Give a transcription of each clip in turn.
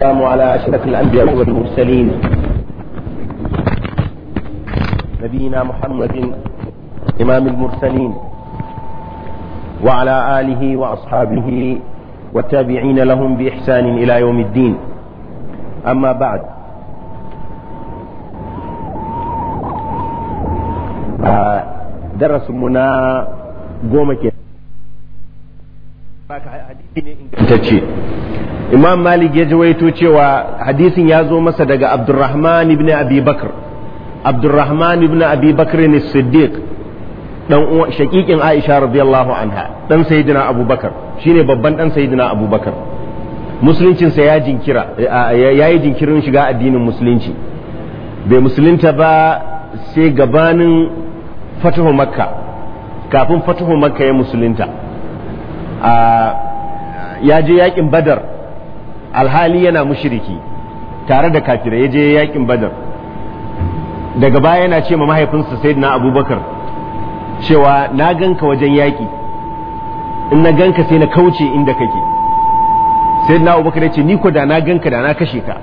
السلام على أشرف الأنبياء والمرسلين نبينا محمد إمام المرسلين وعلى آله وأصحابه والتابعين لهم بإحسان إلى يوم الدين أما بعد آه، درس منا قومك imam malik ya waito cewa hadisin ya zo masa daga abdurrahman ibn abi bakr abdurrahman ibn abi bakr ne siddiq dan shakikin aisha radiyallahu anha dan sayyidina abubakar shine babban dan sayyidina abubakar musuluncinsa ya jinkira ya yi jinkirin shiga addinin musulunci bai musulunta ba sai gabanin fatahu makka kafin fatahu makka ya musulunta ya je yakin badar alhali yana mushriki tare da kafirai ya je yakin badar daga baya yana ce ma mahaifinsa sayyidina abubakar cewa na ganka wajen yaki in na ganka sai na kauce inda kake sayyidina abubakar ya ce ni ko da na ganka da na kashe ka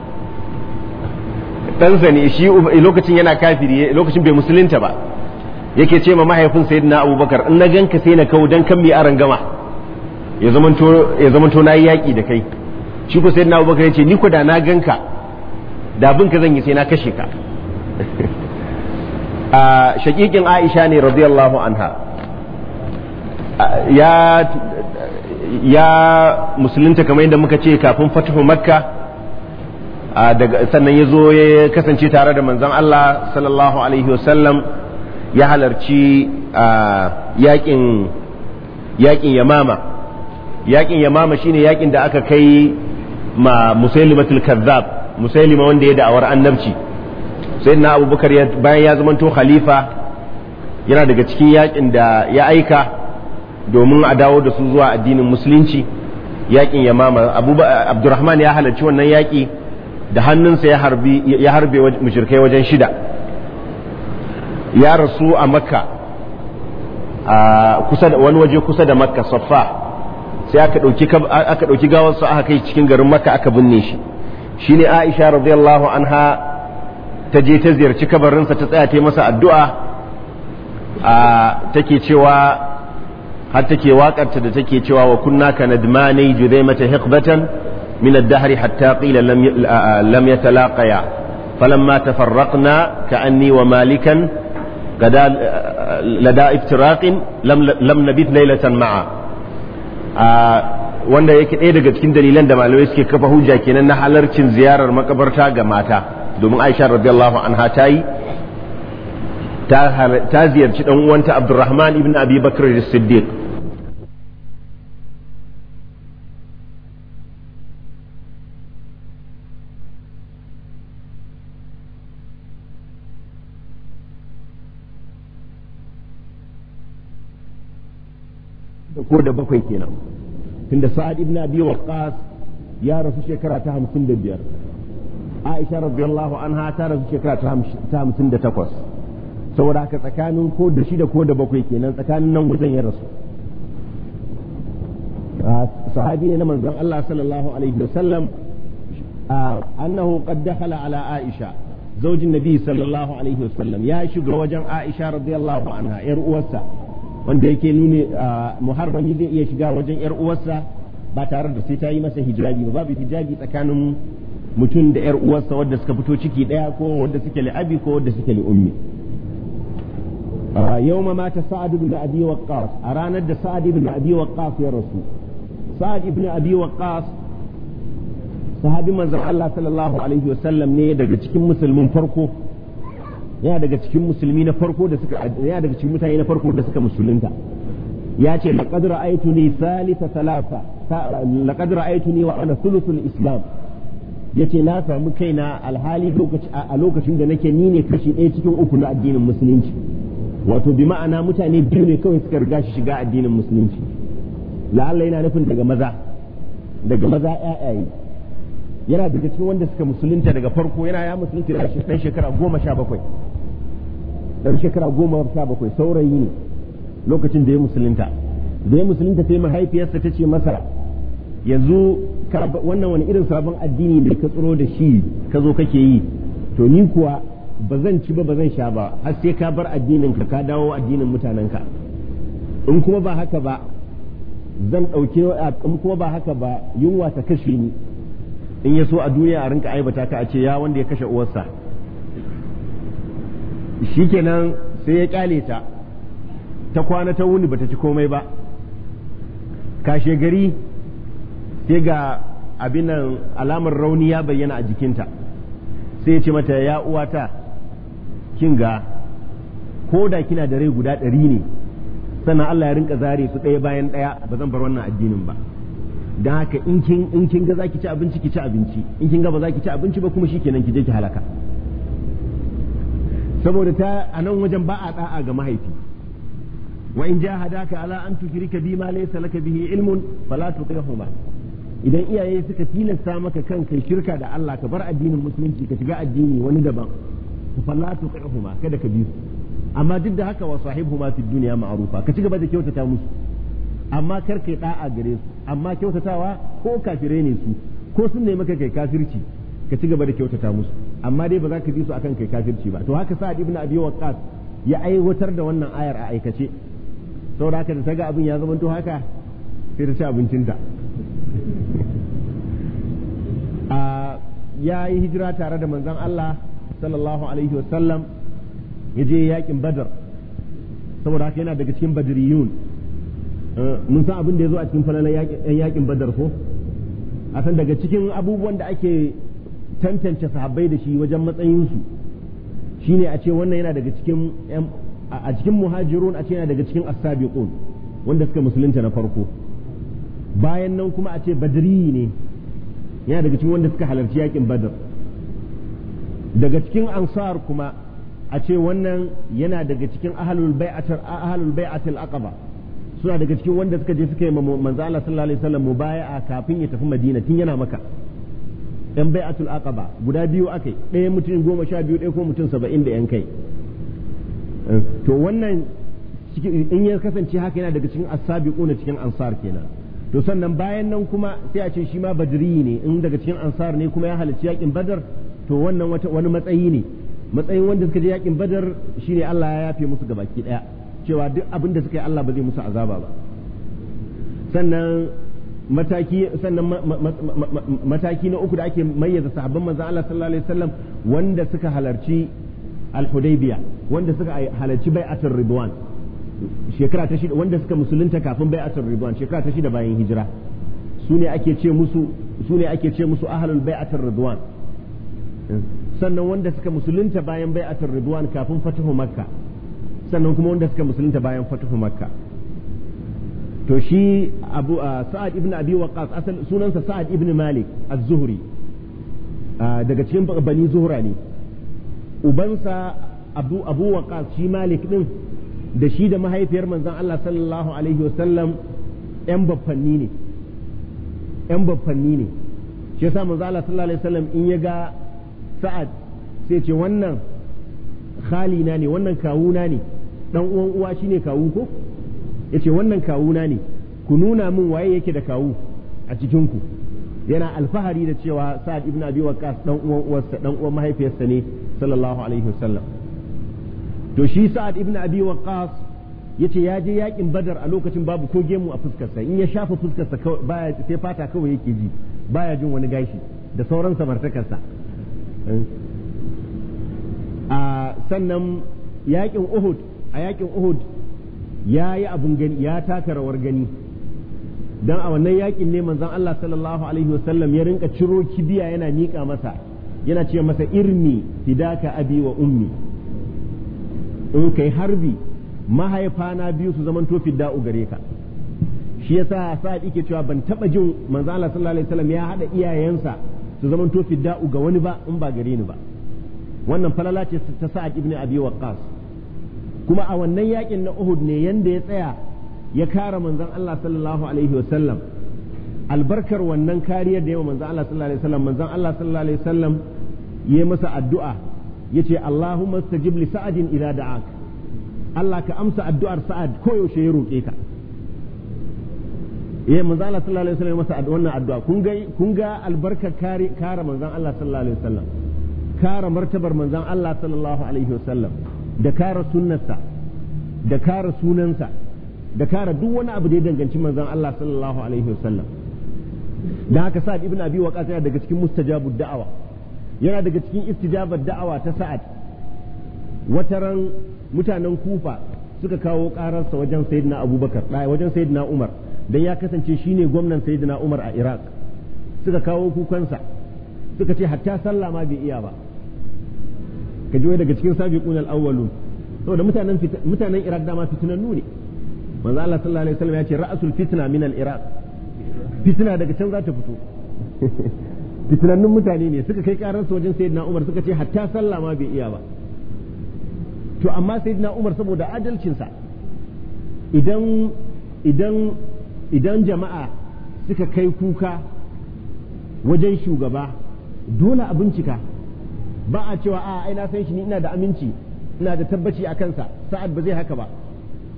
ɗansa ne shi lokacin yana kafiri lokacin bai musulunta ba yake ce ma mahaifin sayyidina abubakar in na ganka sai na kau don kan mi'arar gama ya zamanto na yi yaƙi da kai shi ko sayyidina abubakar ce ni ku da na ganka da bin ka zan yi sai na kashe ka a shakikin aisha ne radiyallahu anha ya ya musulunta kamar yadda muka ce kafin fatihu makka sannan ya zo ya kasance tare da manzon Allah sallallahu alaihi wasallam ya halarci yakin yakin yamama yakin yamama shine yakin da aka kai ma musailimatul kazzab musailima wanda ya da'awar annabci sai na abubakar bayan ya zamanto khalifa yana daga cikin yakin da ya aika domin a dawo da su zuwa addinin musulunci yakin yamama abdurrahman ya halarci wannan yaki da hannunsa ya harbe mushrikai wajen shida ya rasu a makka a kusa wani waje kusa da makka saffa sai aka dauki aka dauki gawar sa aka kai cikin garin Makka aka binne shi shine aisha radiyallahu anha ta je ta ziyarci kabarin sa ta tsaya ta masa addu'a a take cewa har take wakar ta da take cewa wa kunna ka nadmani judaimata hiqbatan min ad-dahr hatta qila lam lam yatalaqaya falamma tafarraqna ka'anni wa malikan لدى افتراق لم لم نبت ليلة معا wanda yake ɗaya daga cikin dalilan da malamai suke kafa hujja kenan na halarcin ziyarar makabarta ga mata domin aisha radiyallahu anha ta yi ta ziyarci dan uwanta abdurrahman ibn abi bakr siddiq ko da bakwai kenan tunda sa'ad ibn abi waqqas ya rasu shekara ta 55 aisha radiyallahu anha ta rasu shekara ta 58 saboda haka tsakanin ko da shida ko da bakwai kenan tsakanin nan wajen ya rasu sahabi ne na manzon Allah sallallahu alaihi wasallam annahu qad dakhala ala aisha zaujin nabi sallallahu alaihi wasallam ya shiga wajen aisha radiyallahu anha yar uwarsa wanda yake nuni muharrami zai iya shiga wajen yar uwarsa ba tare da sai ta yi masa hijabi ba babu hijabi tsakanin mutum da yar uwarsa wadda suka fito ciki daya ko wadda suke li'abi ko wadda suke li'ummi yawma mata sa'ad ibn abi waqqas a ranar da sa'ad ibn abi waqqas ya rasu sa'ad ibn abi waqqas sahabin manzon Allah sallallahu alaihi wasallam ne daga cikin musulmin farko yana daga cikin musulmi na farko da suka yana daga cikin mutane na farko da suka musulunta ya ce laqad ra'aytuni salisa salafa laqad ra'aytuni wa ana thuluthul islam yace na samu kaina alhali lokaci a lokacin da nake ni ne kashi ɗaya cikin uku na addinin musulunci wato bi ma'ana mutane biyu ne kawai suka riga shi shiga addinin musulunci la'alla yana nufin daga maza daga maza ƴaƴaye yana daga cikin wanda suka musulunta daga farko yana ya musulunta da shi shekara goma sha bakwai dan shekara goma sha bakwai saurayi ne lokacin da ya musulunta da ya musulunta sai mahaifiyarsa ta ce masa yanzu wannan wani irin sabon addini da ka tsoro da shi ka zo kake yi to ni kuwa ba zan ci ba ba zan sha ba har sai ka bar addinin ka ka dawo addinin mutanenka in kuma ba haka ba zan dauke in kuma ba haka ba yunwa ta kashe ni in ya so a duniya a rinka aibata ka a ce ya wanda ya kashe uwarsa shikenan sai ya kyale ta ta kwana ta wuni ba ta ci komai ba kashe gari sai ga abin nan alamar rauni ya bayyana a jikinta sai ya ce mata ya uwata kin ga ko da kina da rai guda ɗari ne sannan Allah ya rinka zare su ɗaya bayan ɗaya ba zan bar wannan addinin ba don haka in kin ga za ki ci abinci ki ci abinci in kin ga ba za ki ci abinci ba kuma shikenan ki je ki halaka saboda ta a nan wajen ba a da'a ga mahaifi wa in jahadaka ala an tushrika bi ma laysa laka bihi ilmun fala tuqihuma idan iyaye suka tilasta maka kan kai shirka da Allah ka bar addinin musulunci ka shiga addini wani daban fala tuqihuma kada ka bi su amma duk da haka wa sahibuhuma fi dunya ma'rufa ka ci gaba da kyautata musu amma kar kai da'a gare su amma kyautatawa ko kafire ne su ko sun nemi maka kai kafirci ka ci gaba da kyautata musu amma dai ba za ka ji su akan kai kafirci ba to haka sa'ad ibn abi waqqas ya aiwatar da wannan ayar a aikace saboda haka da ta ga abin ya zama to haka sai ta ci abincinta a ya yi hijira tare da manzon Allah sallallahu alaihi wasallam ya je yakin badar saboda haka yana daga cikin badriyun eh, mun san abin da ya zo a cikin falalar yakin badar ko a san daga cikin abubuwan da ake tantance sahabbai da shi wajen matsayinsu shine a ce wannan yana daga cikin a cikin muhajirun a ce yana daga cikin as wanda suka musulunta na farko bayan nan kuma a ce badri ne yana daga cikin wanda suka halarci yakin badr daga cikin ansar kuma a ce wannan yana daga cikin ahlul bai'atul ahlul bai'atul aqaba suna daga cikin wanda suka je suka yi manzo Allah sallallahu alaihi wasallam mubaya'a kafin ya tafi Madina tun yana maka yan bai'atul aqaba guda biyu yi ɗaya mutum goma sha biyu ɗaya ko mutum saba'in da yan kai eh, to wannan in ya kasance haka yana daga cikin asabiquna cikin ansar kenan to sannan bayan nan kuma sai a ce shi ma badri ne in daga cikin ansar ne kuma ya halarci yakin badar to wannan wani matsayi ne matsayin wanda suka je yakin badar shine Allah ya yafe musu gabaki daya cewa duk abinda suka yi Allah ba zai musu azaba ba sannan mataki sannan mataki na uku da ake mayyaza sahabban manzon Allah sallallahu alaihi wasallam wanda suka halarci al-Hudaybiya wanda suka halarci bai'atul Ridwan shekara ta shida wanda suka musulunta kafin bai'atul Ridwan shekara ta shida bayan hijira su ne ake ce musu su ne ake ce musu ahlul bai'atul Ridwan sannan wanda suka musulunta bayan bai'atul Ridwan kafin fatuhu Makka sannan kuma wanda suka musulunta bayan fatuhu Makka to shi abu uh, sa'ad ibn abi waqas asal sunansa sa'ad ibn malik az-zuhri uh, daga cikin bani zuhra ne ubansa abu abu waqas shi malik din da shi da mahaifiyar manzon Allah sallallahu alaihi wasallam yan baffanni ne yan baffanni ne shi yasa manzon Allah sallallahu alaihi wasallam in ya ga sa'ad sai ce wannan khalina ne wannan kawuna ne dan uwan uwa shine kawu ko yace wannan kawuna ne ku nuna min waye yake da kawu a cikin ku yana alfahari da cewa sa'ad ibn abi waqqas dan uwan uwarsa dan uwan mahaifiyarsa ne sallallahu alaihi wasallam to shi sa'ad ibn abi waqqas yace ya je yakin badar a lokacin babu ko gemu a fuskarsa in ya shafa fuskarsa baya sai fata kawai yake ji baya jin wani gashi da sauran samartakarsa eh, a sannan yakin uhud a yakin uhud ya yi abun gani ya taka rawar gani dan a wannan yakin ne manzon Allah sallallahu alaihi wasallam ya rinka ciro kibiya yana miƙa masa yana ce masa irmi fidaka abi wa ummi in kai harbi mahaifana biyu su zaman zamanto fidda'u gare ka shi yasa sa'ad yake cewa ban taba jin manzan Allah sallallahu alaihi wasallam ya hada iyayensa su zaman to fidda'u ga wani ba in ba gare ni ba wannan falala ce ta sa'ad ibn abi waqqas kuma a wannan yakin na Uhud ne yanda ya tsaya ya kare manzon Allah sallallahu alaihi wasallam albarkar wannan kariyar da yawa manzon Allah sallallahu alaihi wasallam manzon Allah sallallahu alaihi wasallam ya masa addu'a yace Allahumma stajib li sa'adin idza da'ak Allah ka amsa addu'ar sa'ad yaushe ya roke ka ya manzon Allah sallallahu alaihi wasallam masa wannan addu'a kun ga kun ga albarkar kare kare manzon Allah sallallahu alaihi wasallam kare martabar manzon Allah sallallahu alaihi wasallam da kare sunnarsa da kare sunansa da kare duk wani abu da ya danganci manzon Allah sallallahu alaihi wasallam da haka sa'ad ibn abi waqas yana daga cikin mustajabud da'awa yana daga cikin istijabar da'awa ta sa'ad wataran mutanen kufa suka kawo ƙararsa wajen sayyidina abubakar wajen sayyidina umar dan ya kasance shine gwamnan sayyidina umar a iraq suka kawo kukansa suka ce hatta sallah ma bai iya ba ka ji daga cikin sabiqun kunal awwalun saboda mutanen mutanen Iraq dama fitinannu ne manzo Allah sallallahu alaihi wasallam ya ce ra'sul fitna min al-Iraq fitina daga can za ta fito fitinannun mutane ne suka kai karar wajen sayyidina Umar suka ce hatta sallah ma bai iya ba to amma sayyidina Umar saboda adalcinsa idan idan idan jama'a suka kai kuka wajen shugaba dole a bincika ba a cewa a ai na san shi ni ina da aminci ina da tabbaci a kansa sa'ad ba zai haka ba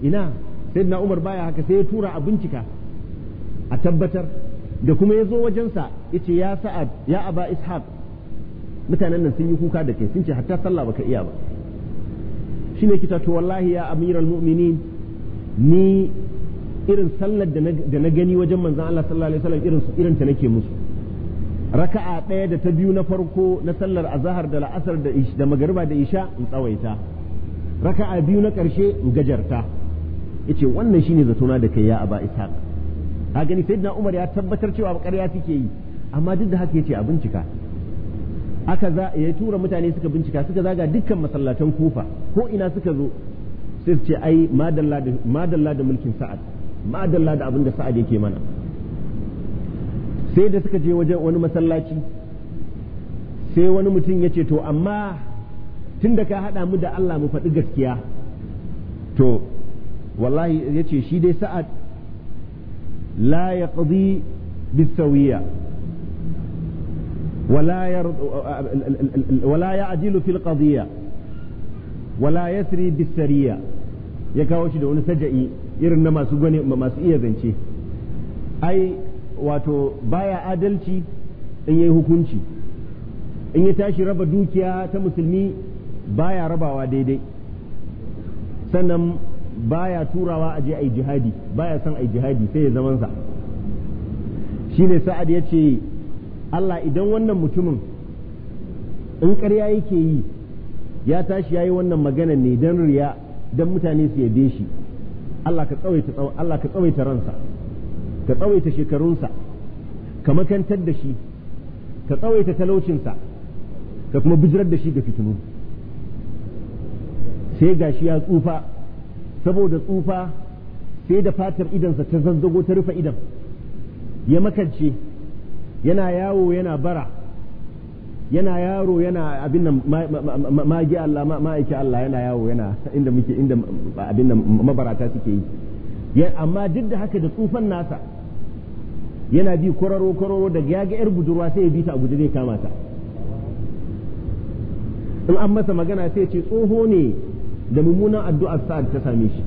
ina sai na Umar baya haka sai ya tura a bincika a tabbatar da kuma ya zo wajensa yace ya sa'ad ya aba ishaq mutanen nan sun yi kuka da kai sun ce hatta sallah baka iya ba shine kita to wallahi ya amiral mu'minin ni irin sallar da na gani wajen manzon Allah sallallahu alaihi wasallam irin irin ta nake musu raka'a ɗaya da ta biyu na farko na sallar azahar da la'asar da magariba da isha in tsawaita raka'a biyu na ƙarshe in gajarta yace wannan shine zatona da kai ya aba ishaq ka gani sayyidina umar ya tabbatar cewa ƙarya take yi amma duk da haka yace a bincika aka za ya tura mutane suka bincika suka zaga dukkan masallatan kufa ko ina suka zo sai su ce ai madalla da mulkin sa'ad madalla da abin da sa'ad yake mana sai da suka je wajen wani masallaci sai wani mutum ya ce to amma tun da ka haɗa mu da Allah mu faɗi gaskiya to wallahi ya ce shi dai sa'ad la ya ƙazi bisawiya wala ya ajilu fil qadiyya wala yasri bisariya ya kawo shi da wani saja'i irin na masu masu iya zance ai wato baya adalci in yayi hukunci in ya tashi raba dukiya ta musulmi baya rabawa daidai sannan baya turawa a je a yi jihadi baya son a yi jihadi sai ya zamansa shine sa'ad ya ce Allah idan wannan mutumin in ƙarya yake yi ya tashi ya yi wannan magana ne don riya don mutane su yabe shi Allah ka tsawaita ransa ka tsawaita shekarunsa ka makantar da shi ka tsawaita talaucinsa ka kuma bijirar da shi ga fitinu sai gashi ya tsufa saboda tsufa sai da fatar idansa ta zazzago ta rufe idan ya makance yana yawo yana bara yana yaro yana abin nan magi Allah ma'aiki Allah yana yawo yana inda muke inda abin nan mabarata suke yi amma duk da haka da tsufan nasa yana bi kwararo kwararo da ya ga yar budurwa sai ya bi ta a guje zai kama ta in an masa magana sai ce tsoho ne da mummunan addu'ar sa'ad ta same shi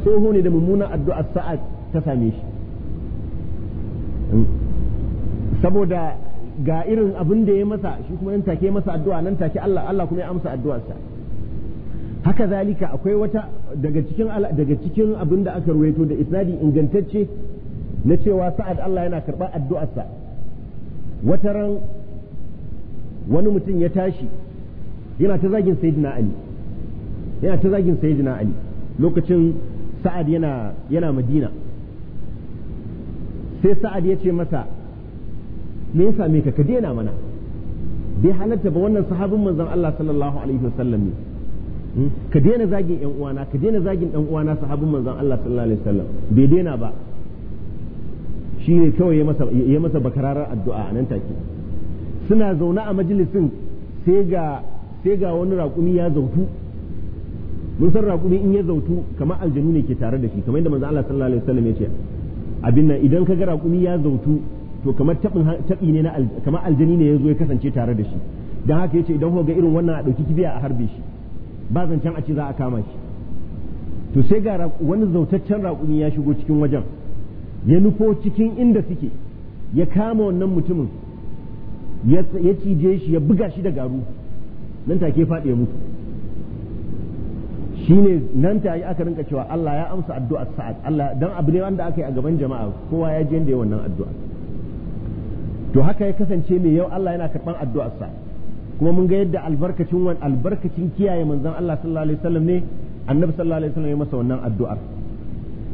tsoho ne da mummunan addu'ar sa'ad ta same shi saboda ga irin abin da ya masa shi kuma nan take masa addu'a nan take Allah Allah kuma ya amsa addu'arsa haka zalika akwai wata daga cikin daga cikin abin da aka ruwaito da isnadi ingantacce na cewa sa'ad Allah yana karɓar addu'arsa wata ran wani mutum ya tashi yana ta zagin sayidina Ali yana ta zagin sayidina Ali lokacin sa'ad yana yana Madina sai sa'ad ya ce masa me ya same ka ka daina mana bai halatta ba wannan sahabin manzon Allah sallallahu alaihi wasallam ne hmm? ka daina zagin yan uwana ka daina zagin dan uwana sahabin manzon Allah sallallahu alaihi wasallam bai daina ba shi ne kawai ya masa bakararar addu'a a nan take suna zaune a majalisin sai ga wani raƙumi ya zautu mun san raƙumi in ya zautu kamar aljanu ne ke tare da shi kamar yadda manzo Allah sallallahu alaihi wasallam ya ce abin nan idan ka ga raƙumi ya zautu to kamar taɓi ne na kamar aljani ne ya zo ya kasance tare da shi don haka ya ce idan ga irin wannan a ɗauki kibiya a harbe shi ba zancen a ce za a kama shi to sai ga wani zautaccen raƙumi ya shigo cikin wajen ya nufo cikin inda suke ya kama wannan mutumin ya cije shi ya buga shi da garu nan take faɗi ya mutu shi ne nan ta yi aka rinka cewa Allah ya amsa addu'ar sa'ad Allah dan abu ne wanda aka yi a gaban jama'a kowa ya je da wannan addu'a to haka ya kasance ne yau Allah yana karban addu'ar sa kuma mun ga yadda albarkacin wan albarkacin kiyaye manzon Allah sallallahu alaihi wasallam ne annabi sallallahu alaihi wasallam ya masa wannan addu'ar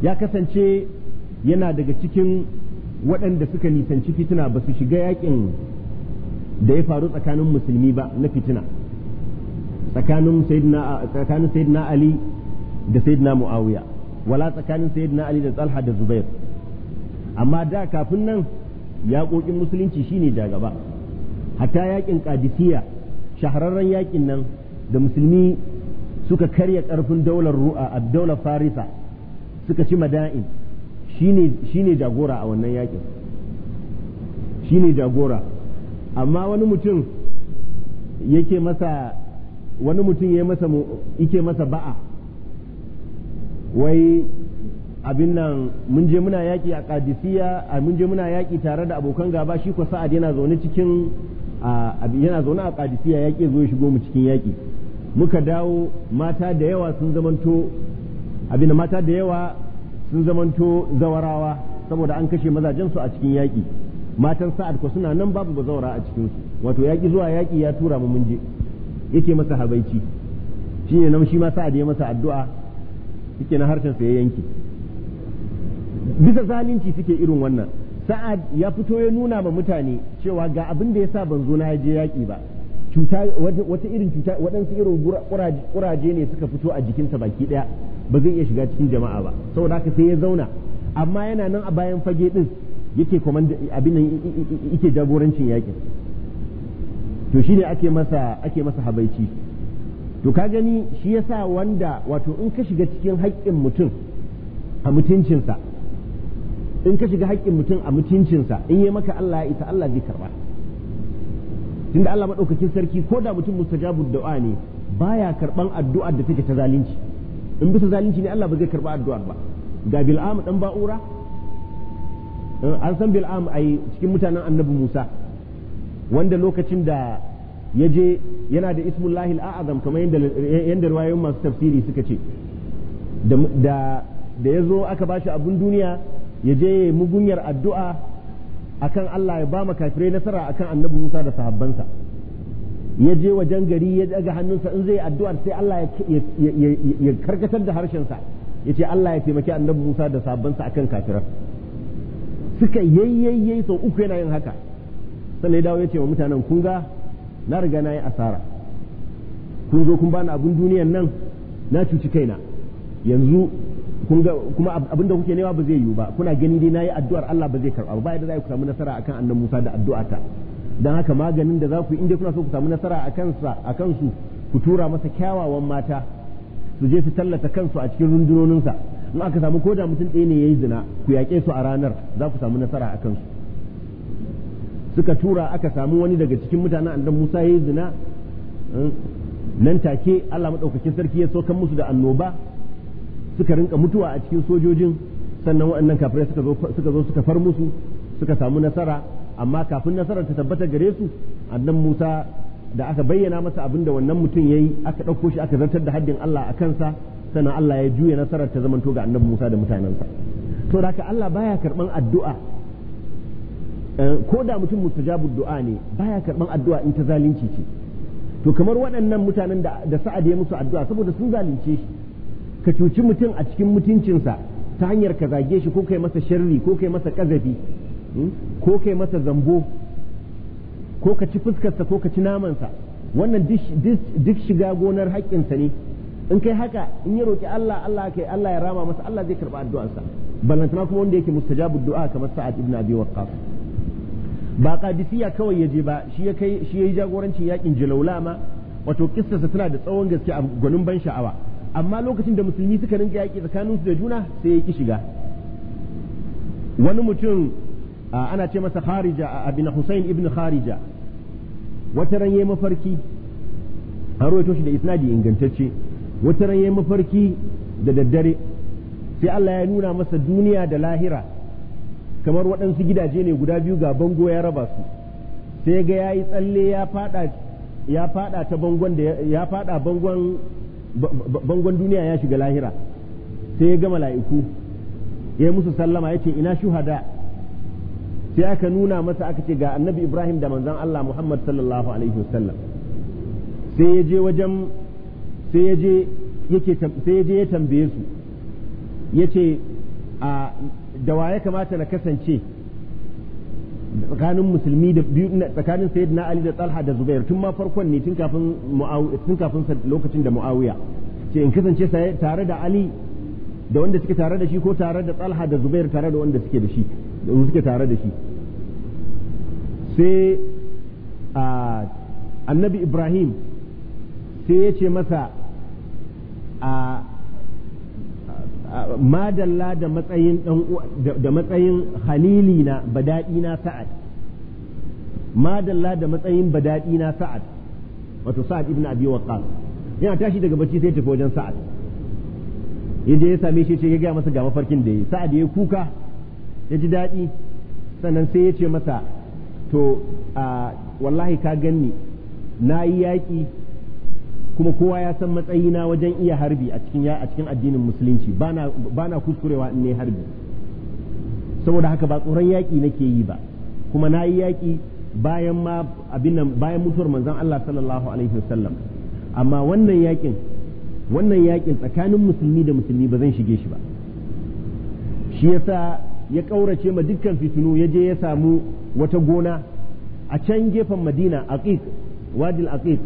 ya kasance yana daga cikin waɗanda suka nisanci fitina ba su shiga yakin da ya faru tsakanin musulmi ba na fitina tsakanin sayyidina ali da sayyidina muawiya wala tsakanin sayyidina ali da tsalha da zubair amma da kafin nan yaƙoƙin musulunci shine da gaba hatta yaƙin ƙadisiya shahararren yaƙin nan da musulmi suka karya ƙarfin daular ru'a a daular farisa suka ci mada'in shi ne jagora a wannan yakin ne jagora amma wani mutum yake masa wani mutum ya masa yake masa ba'a wai abin nan mun je muna yaƙi a kadisiya a mun je muna yaƙi tare da abokan gaba shi ko sa'ad yana zaune cikin yana zaune a kadisiya yaƙi zo shigo mu cikin yaƙi muka dawo mata da yawa sun zamanto abin mata da yawa sun zamanto zawarawa saboda an kashe mazajen su a cikin yaƙi matan sa'ad ko suna nan babu ba zawara a cikin wato yaƙi zuwa yaƙi ya tura mu mun je yake masa habaici shine nan shi ma sa'ad ya masa addu'a yake na harshen sa ya yanke bisa zalunci suke irin wannan sa'ad ya fito ya nuna ma mutane cewa ga abin da yasa ban zo na je yaƙi ba cuta wata irin cuta waɗansu irin ƙuraje ne suka fito a jikinsa baki ɗaya ba zai iya shiga cikin jama'a ba saboda haka sai ya zauna amma yana nan a bayan fage din yake komanda abin nan yake jagorancin yakin to shine ake masa ake masa habaici to ka gani shi yasa wanda wato in ka shiga cikin haƙƙin mutum a mutuncinsa in ka shiga haƙƙin mutum a mutuncinsa in yi maka Allah ya isa Allah zai karba tunda Allah madaukakin sarki ko da mutum mustajabud du'a ne baya karban addu'ar da take ta zalunci in bisa zalunci ne Allah ba zai karba addu'ar ba ga bil'am dan ba'ura eh, an san bil'am ai cikin mutanen annabi Musa wanda lokacin da ya je yana da ismullahi al'azam kamar yadda ruwayoyin masu tafsiri suka ce da ya zo aka ba shi abun duniya ya je mugunyar addu'a akan Allah ya ba makafirai nasara akan annabi Musa da sahabbansa ya je wajen gari ya daga hannunsa in zai addu'ar sai Allah ya karkatar da harshensa ya ce Allah ya taimaki annabi Musa da sabbansa akan kafirar. suka yayyayye sau uku yana yin haka sannan ya dawo ya ce wa mutanen kun ga na riga na yi asara kun zo kun bani abin duniyan nan na cuci kaina yanzu kun ga kuma abin da kuke nema ba zai yiwu ba kuna gani dai na yi addu'ar Allah ba zai karɓa ba ba yadda za ku samu nasara akan annabi Musa da ta. dan haka maganin da za ku inda kuna so ku samu nasara a kansa a kansu ku tura masa kyawawan mata su je su tallata kansu a cikin rundunoninsa in aka samu ko da mutum ɗaya ne ya yi zina ku yaƙe su a ranar za ku samu nasara a kansu suka tura aka samu wani daga cikin mutanen andan musa ya zina eh, nan take allah maɗaukakin sarki ya saukan musu da annoba suka rinka mutuwa a cikin sojojin sannan waɗannan kafirai suka zo suka far musu suka samu nasara amma kafin nasarar ta tabbata gare su annan Musa da aka bayyana masa abin da wannan mutum ya yi aka ɗauko shi aka zartar da haddin Allah a kansa sannan Allah ya juya nasarar ta zamanto ga annan Musa da mutanensa to da Allah baya karɓan addu'a eh, ko da mutum mustajabu du'a ne baya karban addu'a in ta zalunci ce to kamar waɗannan mutanen da sa'ad ya musu addu'a saboda sun zalunce shi ka cuci mutum a cikin mutuncinsa ta hanyar ka zage shi ko kai masa sharri ko kai masa kazafi Hmm? ko kai masa zambo ko ka ci fuskarsa ko ka ci namansa wannan duk shiga gonar haƙƙinsa ne in kai haka in ya roƙi Allah Allah kai Allah ya rama masa Allah zai karɓa addu'arsa ballantana kuma wanda yake mustajabu du'a kamar Sa'ad ibn Abi Waqqas ba qadisiya kawai ya je ba shi ya kai shi yayi jagorancin yakin Jalaula ma wato kissarsa tana da tsawon gaske a gwanin ban sha'awa amma lokacin da musulmi suka rinka yaƙi tsakaninsu da juna sai ya ki shiga wani mutum ana ce masa kharija abin Hussein ibn kharija wata ran yayi mafarki an ruwaito shi da isnadi ingantacce wata ran yayi mafarki da daddare sai Allah ya nuna masa duniya da lahira kamar waɗansu gidaje ne guda biyu ga bango ya raba su sai ga yayi tsalle ya fada ya fada ta bangon da ya fada bangon bangon duniya ya shiga lahira sai ya ga mala'iku ya musu sallama yace ina shuhada sai aka nuna masa aka ce ga annabi ibrahim da manzan allah muhammad sallallahu alaihi wasallam sai ya je wajen sai ya je yake sai ya je ya tambaye su ya ce a da wa ya kamata na kasance tsakanin musulmi da biyu tsakanin sayyidina ali da talha da zubair tun ma farkon ne tun kafin tun kafin lokacin da muawiya ce in kasance tare da ali da wanda suke tare da shi ko tare da talha da zubair tare da wanda suke da shi suke tare da shi sai annabi ibrahim sai ya ce masa a madalla da matsayin da matsayin halili na badadi na sa'ad madalla da matsayin badadi na sa'ad wato sa'ad ibn abi waqqas yana tashi daga bacci sai tafi wajen sa'ad yaje ya same shi ce ya ga masa ga mafarkin da yi sa'ad ya kuka ya ji daɗi sannan sai ya ce masa to a wallahi ka ganni na yi yaƙi kuma kowa ya san matsayina wajen iya harbi a cikin a cikin addinin musulunci ba na kuskurewa in ne harbi saboda haka ba tsoron yaƙi nake yi ba kuma na yi yaƙi bayan ma abin bayan mutuwar manzon Allah sallallahu alaihi wasallam amma wannan yaƙin wannan yaƙin tsakanin musulmi da musulmi ba zan shige shi ba shi yasa ya ƙaurace ma dukkan fitinu ya je ya samu wata gona a can gefen madina aqiq wadil aqiq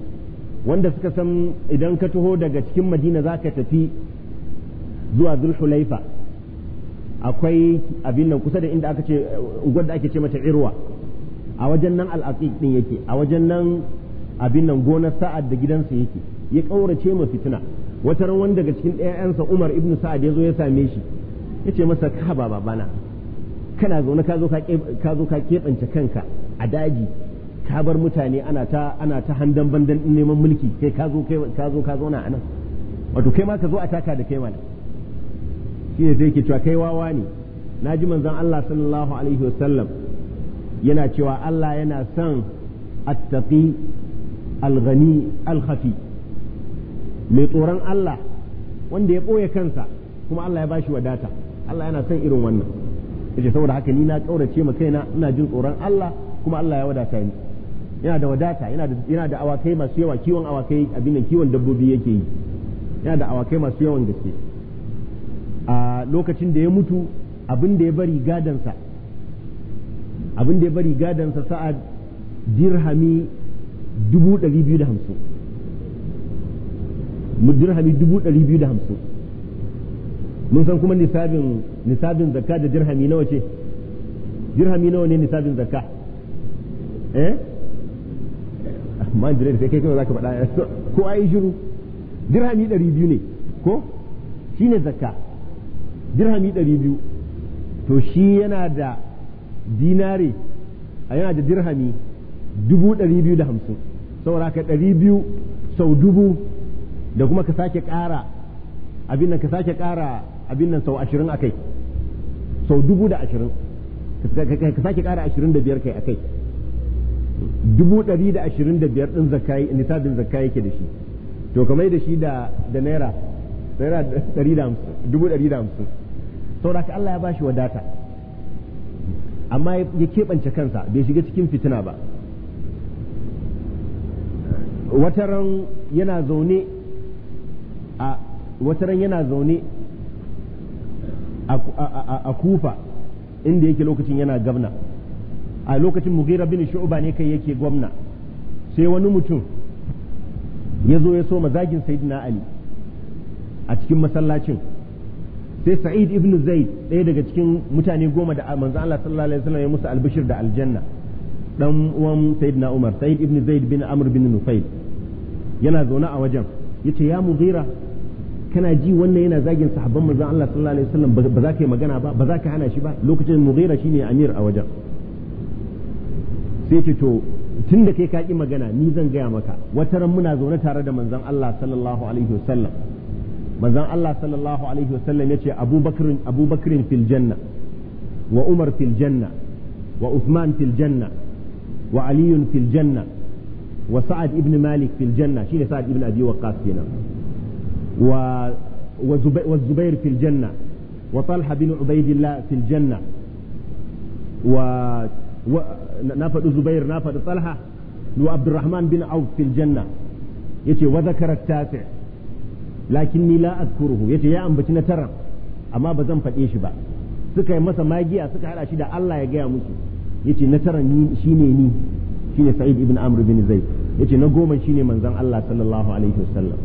wanda suka san idan ka taho daga cikin madina za ka tafi zuwa zulhulaifa akwai abin nan kusa da inda aka ce unguwar da ake ce mata irwa a wajen nan al'aqiq din yake a wajen nan abin nan gonar sa'ad da gidansa yake ya kaurace ma fitina wata ran wanda daga cikin ɗayansa umar ibnu sa'ad ya zo ya same shi ya ce masa ka ba babana kana zaune ka zo ka keɓance kanka a daji ka bar mutane ana ta ana ta handan bandan din neman mulki kai ka zo kai ka zo ka zauna anan wato kai ma ka zo a taka da kai ma shi ne sai yake cewa kai wawa ne naji manzon Allah sallallahu alaihi wasallam yana cewa Allah yana son attaqi alghani alkhafi mai tsoron Allah wanda ya ɓoye kansa kuma Allah ya bashi wadata Allah yana son irin wannan yace saboda haka ni na kaurace ma kaina ina jin tsoron Allah kuma Allah ya wadata ni yana da wadata yana da yana da awakai masu yawa kiwon awakai abin nan kiwon dabbobi yake yi yana da awakai masu yawan gaske a lokacin da ya mutu abin da ya bari gadansa abin da ya bari gadansa sa'ad dirhami dubu ɗari biyu da hamsin dirhami dubu ɗari biyu da hamsin mun san kuma nisabin nisabin zakka da dirhami nawa ce dirhami nawa ne nisabin zakka eh man dire sai kai kai zaka faɗa ko ai shiru dirhami 200 ne ko shine zakka dirhami 200 to shi yana da dinare yana da dirhami 250 saboda ka 200 sau dubu da kuma ka sake ƙara abin nan ka sake ƙara abin nan sau ashirin a kai sau dubu da ashirin ka sake ƙara ashirin da biyar kai a kai dubu ɗari da ashirin da biyar ɗin zakai nisabin zakai yake da shi to kamar da shi da naira naira ɗari da hamsin dubu ɗari da hamsin saboda ka Allah ya bashi wadata amma ya keɓance kansa bai shiga cikin fitina ba wataran yana zaune a wataran yana zaune a kufa inda yake lokacin yana gabna a lokacin mugira bin shu'ba ne kai yake gwamna sai wani mutum ya zo ya so mazagin sayyidina ali a cikin masallacin sai sa'id ibn zaid ɗaya daga cikin mutane goma da manzo Allah sallallahu alaihi wasallam ya musu albishir da aljanna dan uwan sayyidina umar sa'id ibn zaid bin amr bin nufail yana zaune a wajen yace ya mugira kana ji wannan yana zagin sahabban manzon Allah sallallahu alaihi wasallam ba za ka yi magana ba ba za ka hana shi ba lokacin Mughira shine amir a wajen sai ce to tunda kai ka ki magana ni zan gaya maka wata ran muna zaune tare da manzon Allah sallallahu alaihi wasallam manzon Allah sallallahu alaihi wasallam yace Abu Bakr Abu Bakr fil janna wa Umar fil janna wa Uthman fil janna wa Ali fil janna wa Sa'ad ibn Malik fil janna shine Sa'ad ibn Abi Waqqas kenan و والزبير في الجنة وطلحة بن عبيد الله في الجنة و, و... نافد زبير نافد طلحة وعبد الرحمن بن عوف في الجنة يتي وذكر التاسع لكني لا أذكره يتي يا أم بتنا ترى أما بزن فتيش با سكا مسا ماجيا سكا على شدة الله يجيا مسو يتي نترى شيني ني شيني سعيد ابن عمرو بن زيد يتي نقوم شيني منزان الله صلى الله عليه وسلم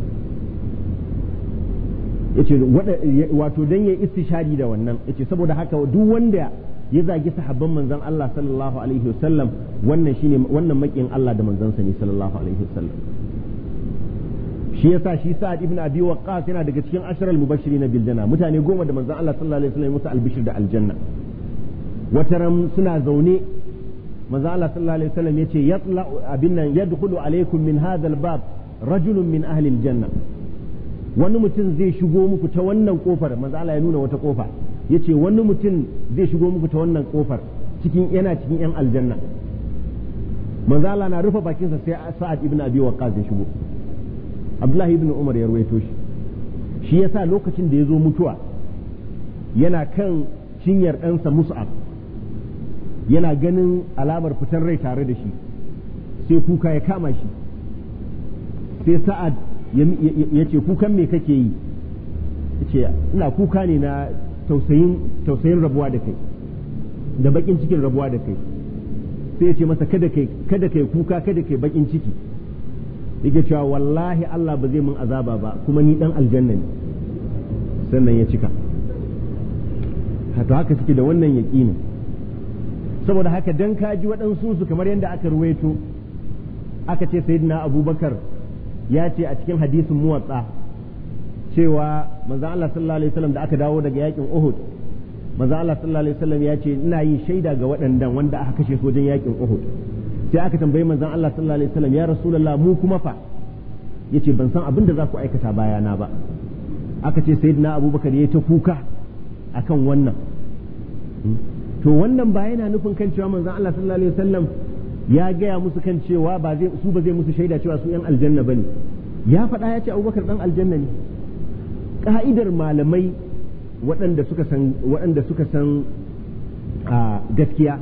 yace wato dan ya istishari da wannan yace saboda haka duk wanda ya zagi sahabban manzon Allah sallallahu alaihi wasallam wannan shine wannan makin Allah da manzon sa ne sallallahu alaihi wasallam shi yasa shi Sa'ad ibn Abi Waqqas yana daga cikin asharal mubashirin bil janna mutane goma da manzon Allah sallallahu alaihi wasallam musu albishir da aljanna wataram suna zaune manzon Allah sallallahu alaihi wasallam yace yatla abin nan yadkhulu alaikum min hadha albab rajulun min ahli al-janna wani mutum zai shigo muku ta wannan kofar manzo ya nuna wata kofa yace wani mutum zai shigo muku ta wannan kofar cikin yana cikin yan aljanna manzo na rufe bakinsa sai Sa'ad ibn Abi Waqqas ya shigo Abdullahi ibn Umar ya ruwaito shi shi yasa lokacin da ya zo mutuwa yana kan cinyar ɗansa Mus'ab yana ganin alamar fitar rai tare da shi sai kuka ya kama shi sai Sa'ad ya ce kukan me kake yi ce ina kuka ne na tausayin rabuwa da kai da bakin cikin rabuwa da kai sai ya ce masa kada kai kuka kada kai bakin ciki yake cewa wallahi Allah ba zai mun azaba ba kuma ni dan aljanna ne sannan ya cika haka haka suke da wannan yaqinin saboda haka dan kaji waɗansu su kamar yadda aka ruwaito aka ce sayyidina abubakar ya ce a cikin hadisin muwatsa cewa manzon Allah sallallahu alaihi wasallam da aka dawo daga yakin Uhud manzon Allah sallallahu alaihi wasallam ya ce ina yin shaida ga waɗannan wanda aka kashe sojan yakin Uhud sai aka tambayi manzon Allah sallallahu alaihi wasallam ya rasulullah mu kuma fa yace ban san abin da za ku aikata bayana ba aka ce sayyidina abubakar ya ta kuka akan wannan hmm? to wannan ba yana nufin kan cewa manzon Allah sallallahu alaihi wasallam ya gaya musu kan cewa ba zai su ba zai musu shaida cewa su yan aljanna bane ya faɗa ya ce abubakar dan aljanna ne ƙa'idar malamai waɗanda suka san waɗanda gaskiya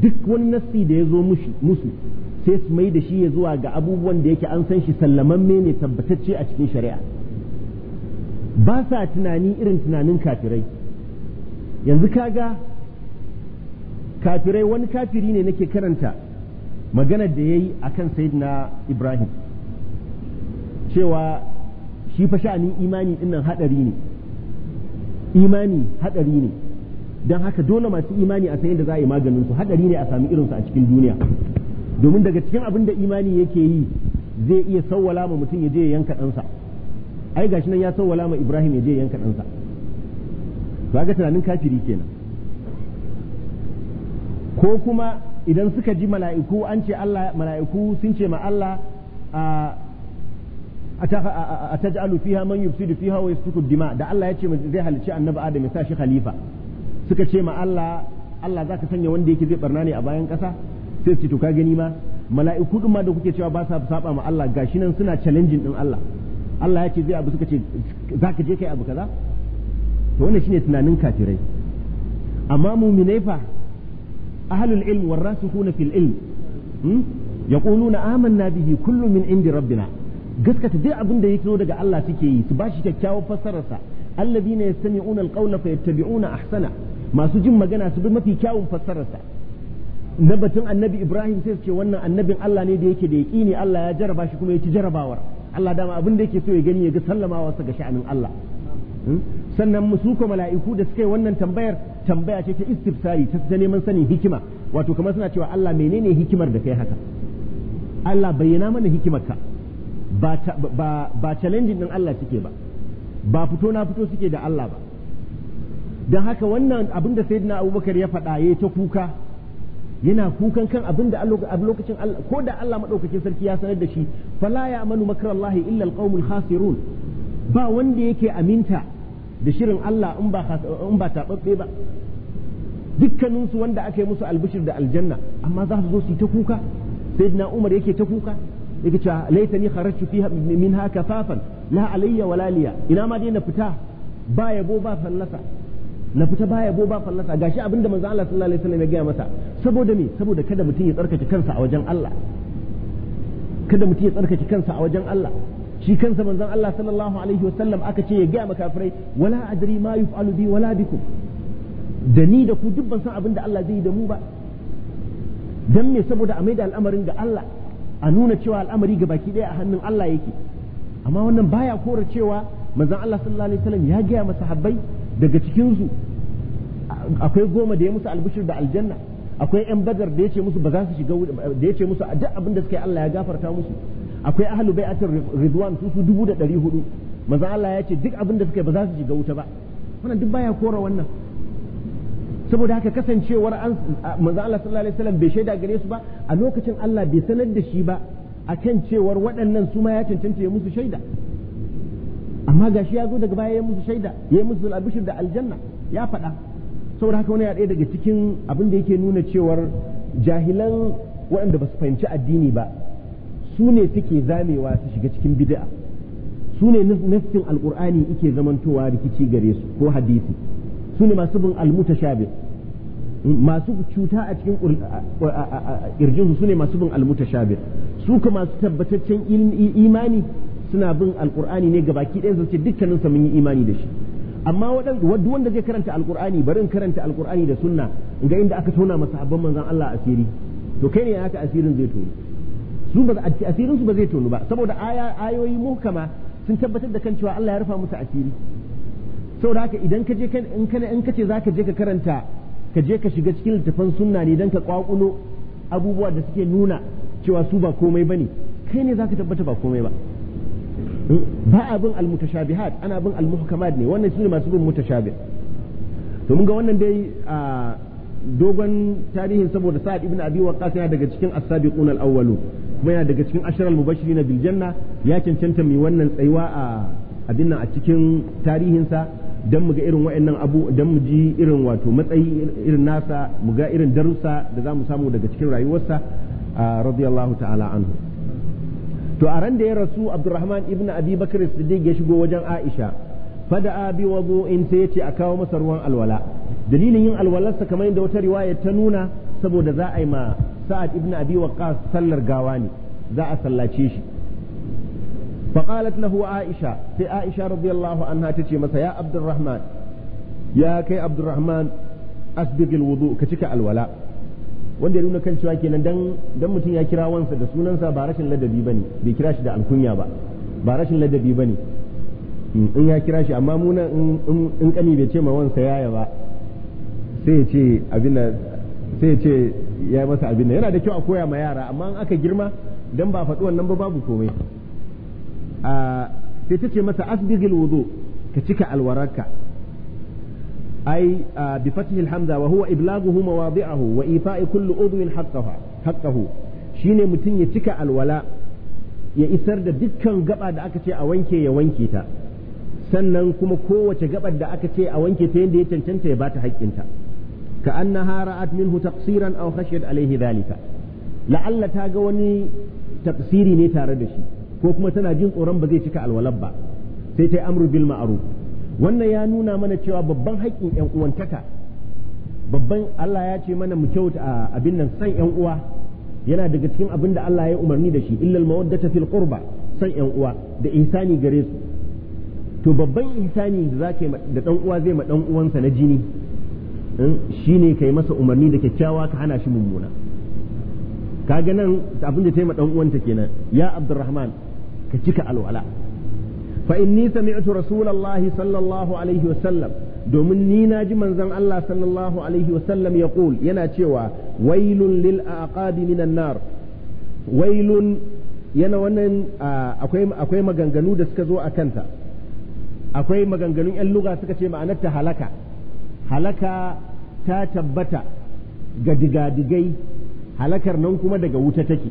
duk wani nassi da ya zo musu sai su mai da shi ya zuwa ga abubuwan da yake an san shi sallamamme ne tabbatacce a cikin shari'a ba sa tunani irin tunanin kafirai yanzu kaga kafirai wani kafiri ne nake karanta maganar da ya yi a kan sayidina ibrahim cewa shi fa sha'anin imani dinnan hadari ne imani hadari ne don haka dole masu imani a san yadda za a yi maganin su hadari ne a sami irinsu a cikin duniya domin daga cikin abin da imani yake yi zai iya sawwala ma mutum ya je ya yanka ai gashi nan ya sawwala ma ibrahim ya je ya yanka ɗansa to ga tunanin kafiri kenan ko kuma idan suka ji mala'iku an ce Allah mala'iku sun ce ma Allah a taj'alu fiha man yufsidu fiha wa yasfiku dima da Allah ya ce zai halici annabi Adam ya sa shi khalifa suka ce ma Allah Allah zaka sanya wanda yake zai barna ne a bayan kasa sai su ce to ka gani ma mala'iku din ma da kuke cewa ba sa saba ma Allah gashi nan suna challenging din Allah Allah ya ce zai abu suka ce zaka je kai abu kaza to wannan shine tunanin kafirai amma mu'minai fa ahlul warrasu warasikhuna fil ilm yaquluna amanna bihi kullu min indi rabbina gaskata duk abin da yake daga Allah suke yi su bashi kyakkyawar fassararsa na ya alladhina yastami'una alqawla fayattabi'una ahsana masu jin magana su mafi kyawun fassararsa na batun annabi Ibrahim sai su ce wannan annabin Allah ne da yake da yaqini Allah ya jaraba shi kuma ya ci jarabawar Allah dama abin da yake so ya gani ya ga sallamawa sa ga sha'anin Allah sannan musu ko mala'iku da suka yi wannan tambayar tambaya ce ta istifsari ta neman sanin hikima wato kamar suna cewa Allah menene hikimar da kai haka Allah bayyana mana hikimarka ba ba ba challenging din Allah suke ba ba fito na fito suke da Allah ba dan haka wannan abin da sayyidina Abubakar ya faɗa yayi ta kuka yana kukan kan abin da a lokacin allah ko da Allah madaukakin sarki ya sanar da shi fala ya amanu makarallahi illa alqaumul khasirun ba wanda yake aminta da shirin Allah in ba in ba tababbe ba dukkanin su wanda aka yi musu albishir da aljanna amma za su zo su ta kuka na Umar yake ta kuka yake cewa laitani kharajtu fiha minha kafafan la alayya wala liya ina ma dai na fita ba yabo ba fallasa na fita ba yabo ba fallasa gashi abinda manzo Allah sallallahu alaihi wasallam ya gaya masa saboda me saboda kada mutum ya tsarkake kansa a wajen Allah kada mutum ya tsarkake kansa a wajen Allah shi kansa manzon Allah sallallahu alaihi wa sallam aka ce ya gaya makafirai wala adri ma yuf'alu bi wala bikum da ni da ku duk san abin da Allah zai yi da mu ba dan me saboda a maida al'amarin ga Allah a nuna cewa al'amari ga baki daya a hannun Allah yake amma wannan baya kora cewa manzon Allah sallallahu alaihi wasallam ya gaya masa habbai daga cikin su akwai goma da ya musu albishir da aljanna akwai yan badar da ya ce musu ba za su shiga da ya ce musu a duk abin da suka yi Allah ya gafarta musu akwai ahlul bai'atir ridwan su su dubu da ɗari hudu manzo Allah ya ce duk abin da suka yi ba za su shiga wuta ba wannan duk baya kora wannan saboda haka kasancewar an manzo Allah sallallahu alaihi wasallam bai shaida gare su ba a lokacin Allah bai sanar da shi ba a kan cewar waɗannan su ma ya cancanta ya musu shaida amma gashi ya zo daga baya ya musu shaida ya musu albishir da aljanna ya faɗa saboda haka wani ya ɗaya daga cikin abin da yake nuna cewar jahilan waɗanda ba su fahimci addini ba su ne suke zamewa su shiga cikin bid'a su ne nassin alqur'ani yake zamantowa rikici gare su ko hadisi su ne masu bin almutashabi masu cuta a cikin irjin su ne masu bin almutashabi su ka masu tabbataccen imani suna bin alqur'ani ne gabaki ɗayan su ce dukkanin sa mun yi imani da shi amma wadda wanda zai karanta alqur'ani barin karanta al'kur'ani da sunna ga inda aka tona masa habban manzon Allah asiri to kai ne ya haka asirin zai tono su ba asirin su ba zai tonu ba saboda aya ayoyi muhkama sun tabbatar da kan cewa Allah ya rufa musu asiri saboda haka idan ka je kan in kana in kace zaka je ka karanta ka je ka shiga cikin littafan sunna ne dan ka kwakulo abubuwa da suke nuna cewa su ba komai bane kai ne zaka tabbata ba komai ba ba abin almutashabihat ana bin almuhkamat ne wannan sune masu bin mutashabih to mun ga wannan dai a dogon tarihin saboda sa'ad ibn abi waqqas yana daga cikin as-sabiqun al-awwalun kuma yana daga cikin ashiral mubashiri na biljanna ya cancanta mai wannan tsayuwa a abin a cikin tarihinsa don mu ga irin wa'annan abu don mu ji irin wato matsayi irin nasa mu ga irin darussa da za mu samu daga cikin rayuwarsa radiyallahu ta'ala anhu to a ran da ya rasu Abdurrahman ibn Abi Bakr Siddiq ya shigo wajen Aisha fada'a bi in sai yace a kawo masa ruwan alwala dalilin yin alwalarsa kamar yadda wata riwaya ta nuna saboda za a yi ma sa'ad ibn abi waqqas sallar gawa ne za a sallace shi فقالت له عائشة في عائشة رضي الله عنها تجي مسا يا عبد الرحمن يا كي عبد الرحمن أسبق الوضوء كتك الولاء wanda ya nuna kan cewa kenan dan mutum ya kira wansa da sunansa ba rashin ladabi bane bai kira shi da alkunya ba ba rashin ladabi bane in ya kira shi amma muna in kani bai ce ma wansa yaya ba sai ya ce sai ce ya masa abin da yana da kyau a koya ma yara amma an aka girma dan ba faɗuwan nan ba babu komai a sai ta ce masa asbighil wudu ka cika alwararka ai bi fathil hamza wa huwa iblagu mawadi'ahu wa ifa'i kulli udwin haqqahu haqqahu shine mutum ya cika alwala ya isar da dukkan gaba da aka ce a wanke ya wanke ta sannan kuma kowace gabar da aka ce a wanke ta yadda ya cancanta ya bata haƙƙinta كأنها رأت منه تقصيرا أو خشيت عليه ذلك لعل ga wani تقصيري ني tare da shi ko kuma tana jin tsoron ba zai cika alwalabba ba sai ta amru bil ma'ruf wannan ya nuna mana cewa babban haƙƙin ƴan uwantaka babban Allah ya ce mana mu kyauta abin nan san ƴan uwa yana daga cikin abin da Allah ya umarni da shi illal mawaddata fil qurba san ƴan uwa da ihsani gare su to babban ihsani da zake da dan uwa zai ma dan uwansa na jini shine kai masa umarni da kyakkyawa ka hana shi mummuna kaga nan abin da taima dan uwanta kenan ya abdurrahman ka cika alwala fa inni sami'tu rasulullahi sallallahu alaihi wa sallam domin ni na ji manzon Allah sallallahu alaihi wa sallam ya yana cewa wailun lil aqabi minan nar wailun yana wannan akwai akwai maganganu da suka zo a kanta akwai maganganun yan luga suka ce ma'anar ta halaka halaka ta tabbata ga digadigai halakar nan kuma daga wuta take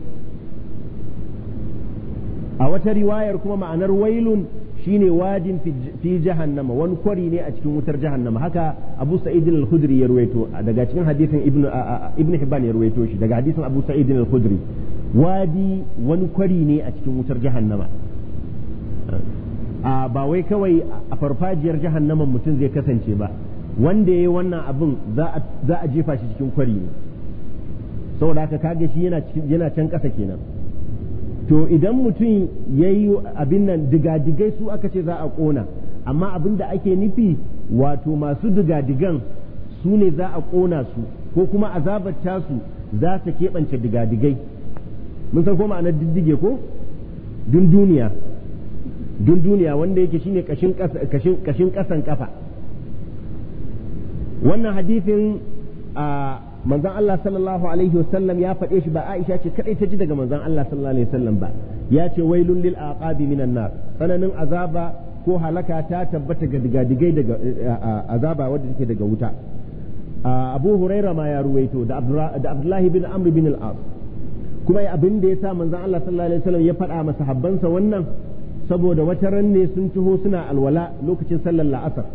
a wata riwayar kuma ma'anar wailun shine wadin fi jahannama wani kwari ne a cikin wutar jahannama haka abu sa'idin al-khudri ya ruwaito daga cikin hadisin ibn hibban ya ruwaito shi daga hadisin abu sa'idin al-khudri wadi wani kwari ne a cikin wutar jahannama a ba wai kawai a farfajiyar jahannaman mutum zai kasance ba wanda ya yi wannan abin za a jefa shi cikin kwari ne saboda haka kaga shi yana can kasa kenan to idan mutum ya yi abin nan digadigai su aka ce za a ƙona amma abin da ake nufi wato masu digadigan su ne za a ƙona su ko kuma azabar su za ta keɓance digadigai mun san ko ma'anar diddige ko dun duniya dun duniya wanda yake shine kashin kasan kafa wannan hadithin a manzon Allah sallallahu alaihi wasallam ya faɗe shi ba Aisha ce kadai ta ji daga manzon Allah sallallahu alaihi wasallam ba ya ce wailul lil aqabi minan nar tsananin azaba ko halaka ta tabbata ga digadigai daga azaba wanda take daga wuta Abu Huraira ma ya ruwaito da Abdullahi bin Amr bin al-As kuma abin da ya sa manzon Allah sallallahu alaihi wasallam ya faɗa masa habbansa wannan saboda wata ran ne sun taho suna alwala lokacin sallar la'asar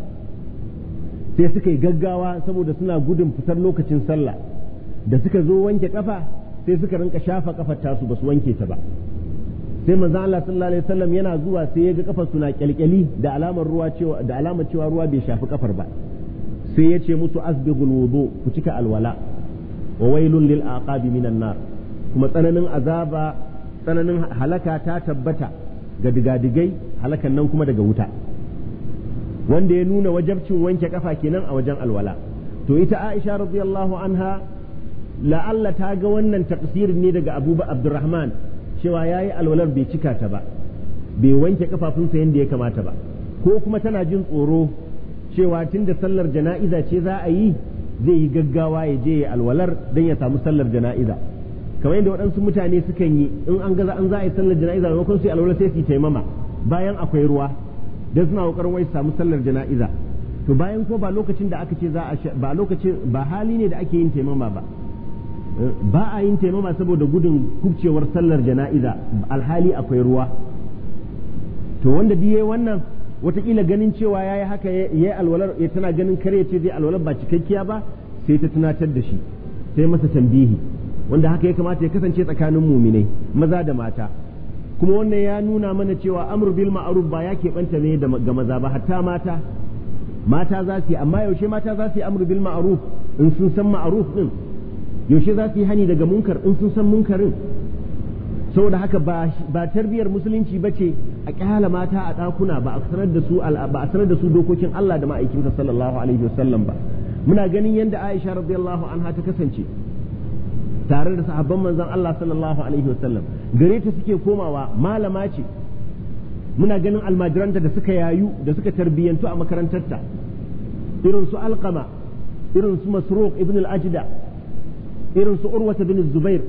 sai suka yi gaggawa saboda suna gudun fitar lokacin sallah da suka zo wanke kafa sai suka rinka shafa kafar tasu ba su wanke ta ba sai manzo Allah sallallahu alaihi wasallam yana zuwa sai ya ga kafar suna kyalkyali da alamar ruwa cewa da alamar cewa ruwa bai shafi kafar ba sai yace musu asbighul wudu ku cika alwala wa wailun lil aqabi minan nar kuma tsananin azaba tsananin halaka ta tabbata ga digadigai halakan nan kuma daga wuta wanda ya nuna wajabcin wanke kafa kenan a wajen alwala to ita Aisha radiyallahu anha la'alla ta ga wannan taqsirin ne daga Abu Abdurrahman cewa yayi alwalar bai cika ta ba bai wanke kafafunsa yadda ya kamata ba ko kuma tana jin tsoro cewa tunda sallar jana'iza ce za a yi zai yi gaggawa ya je ya alwalar dan ya samu sallar jana'iza kamar yadda waɗansu mutane sukan yi in an gaza an za a yi sallar jana'iza maimakon su alwala sai su taimama bayan akwai ruwa dan suna kokarin wai samu sallar jana'iza to bayan ko ba lokacin da aka ce za a ba lokacin ba hali ne da ake yin taimama ba ba a yin taimama saboda gudun kubcewar sallar jana'iza alhali akwai ruwa to wanda biye wannan watakila ganin cewa ya yi haka ya yi alwalar ya tana ganin kare ce zai alwalar ba cikakkiya ba sai ta tunatar da shi sai masa tambihi wanda haka ya kamata ya kasance tsakanin muminai maza da mata kuma wannan ya nuna mana cewa amru bil ma'ruf ba ya keɓanta ne ga maza ba hatta mata mata za su yi amma yaushe mata za su yi amru bil ma'ruf in sun san ma'ruf din yaushe za su yi hani daga munkar in sun san munkarin saboda haka ba tarbiyar musulunci ba ce a kyala mata a ɗakuna ba a sanar da su ba a sanar da su dokokin Allah da ma'aikinsa sallallahu alaihi wasallam ba muna ganin yadda Aisha radiyallahu anha ta kasance tare da sahabban manzon Allah sallallahu alaihi wasallam gare ta suke komawa malama ce muna ganin almajiranta da suka yayu da suka tarbiyantu a makarantarta irin su alqama irin su masruq ibn al-ajda irin su Urwata ibn zubair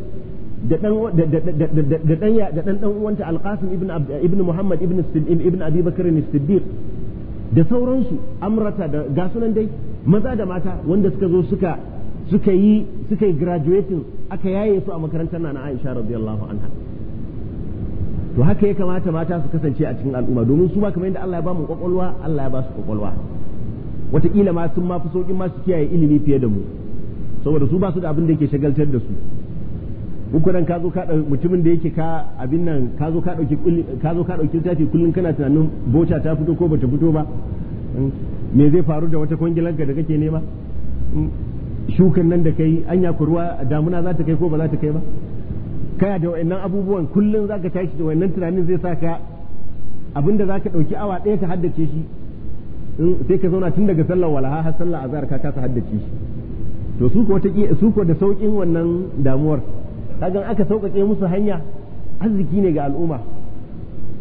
da da dan da dan dan uwanta alqasim ibn ibn muhammad ibn ibn abi bakr as-siddiq da sauransu amrata da gasunan dai maza da mata wanda suka zo suka suka yi suka yi graduating aka yaye su a makarantar na Aisha radiyallahu anha to haka ya kamata mata su kasance a cikin al'umma domin su ba kamar yadda Allah ya ba mu kwakwalwa Allah ya ba su kwakwalwa wataƙila ma sun ma fi sauƙin ma su kiyaye ilimi fiye da mu saboda su ba su da abin da yake shagaltar da su uku nan ka zo ka mutumin da yake ka abin nan ka zo ka dauki ka zo ka dauki littafi kullun kana tunanin bota ta fito ko bata fito ba hmm, me zai faru da wata kwangilanka da kake nema hmm, shukan nan da kai anya ku ruwa damuna za ta kai ko ba za ta kai ba kaya da wayannan abubuwan kullum zaka tashi da wayannan tunanin zai saka abinda zaka dauki awa ɗaya ka haddace shi in sai ka zauna tun daga sallar walaha har sallar azhar ka kasa haddace shi to su ko su ko da saukin wannan damuwar kagan aka sauƙaƙe musu hanya arziki ne ga al'umma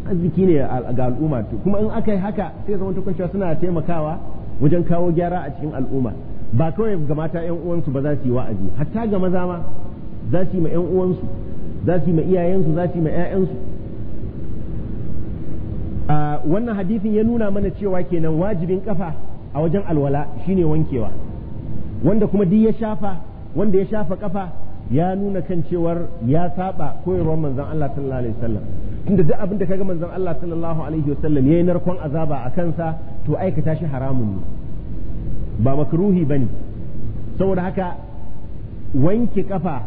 arziki ne ga al'umma kuma in aka yi haka sai zama kwanciya suna taimakawa wajen kawo gyara a cikin al'umma ba kawai ga mata yan uwansu ba za su yi wa'azi hatta ga maza ma za su yi ma yan uwansu za su yi ma iyayensu za su yi ma ƴaƴansu wannan hadisin ya nuna mana cewa kenan wajibin kafa a wajen alwala shine wankewa wanda kuma duk ya shafa wanda ya shafa kafa ya nuna kan cewar ya saba koyarwar manzon Allah sallallahu alaihi wasallam tunda duk abin da kaga manzon Allah sallallahu alaihi wasallam yayin narkon azaba a kansa to aikata shi haramun ne ba makruhi bane saboda haka wanke kafa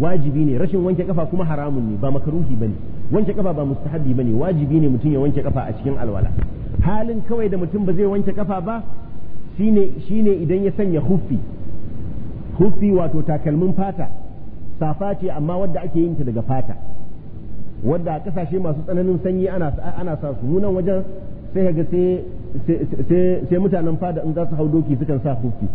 wajibi ne rashin wanke kafa kuma haramun ne ba makruhi bane wanke kafa ba mustahabi bane wajibi ne mutum ya wanke kafa a cikin alwala halin kawai da mutum ba zai wanke kafa ba shine shine idan ya sanya huffi huffi wato takalmin fata safa ce amma wadda ake yin ta daga fata wadda a kasashe masu tsananin sanyi ana ana sa su nan wajen sai ga sai sai mutanen fada in za su hau doki sukan sa kufi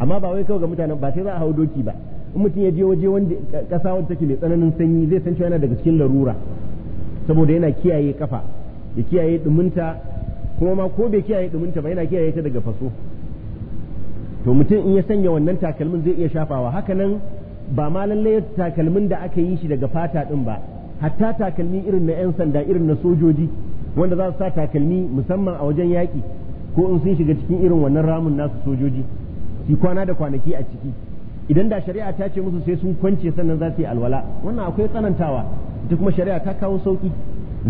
amma ba wai kawai ga mutanen ba sai za a hau doki ba in mutum ya je waje wanda kasa wanda take mai tsananin sanyi zai san cewa yana daga cikin larura saboda yana kiyaye kafa ya kiyaye duminta kuma ma ko bai kiyaye duminta ba yana kiyaye ta daga faso to mutum in ya sanya wannan takalmin zai iya shafawa hakanan ba ma lallai takalmin da aka yi shi daga fata din ba hatta takalmi irin na 'yan sanda irin na sojoji wanda za su sa takalmi musamman a wajen yaƙi ko in sun shiga cikin irin wannan ramin nasu sojoji su kwana da kwanaki a ciki idan da shari'a ta ce musu sai sun kwance sannan za su yi alwala wannan akwai tsanantawa ita kuma shari'a ta kawo sauki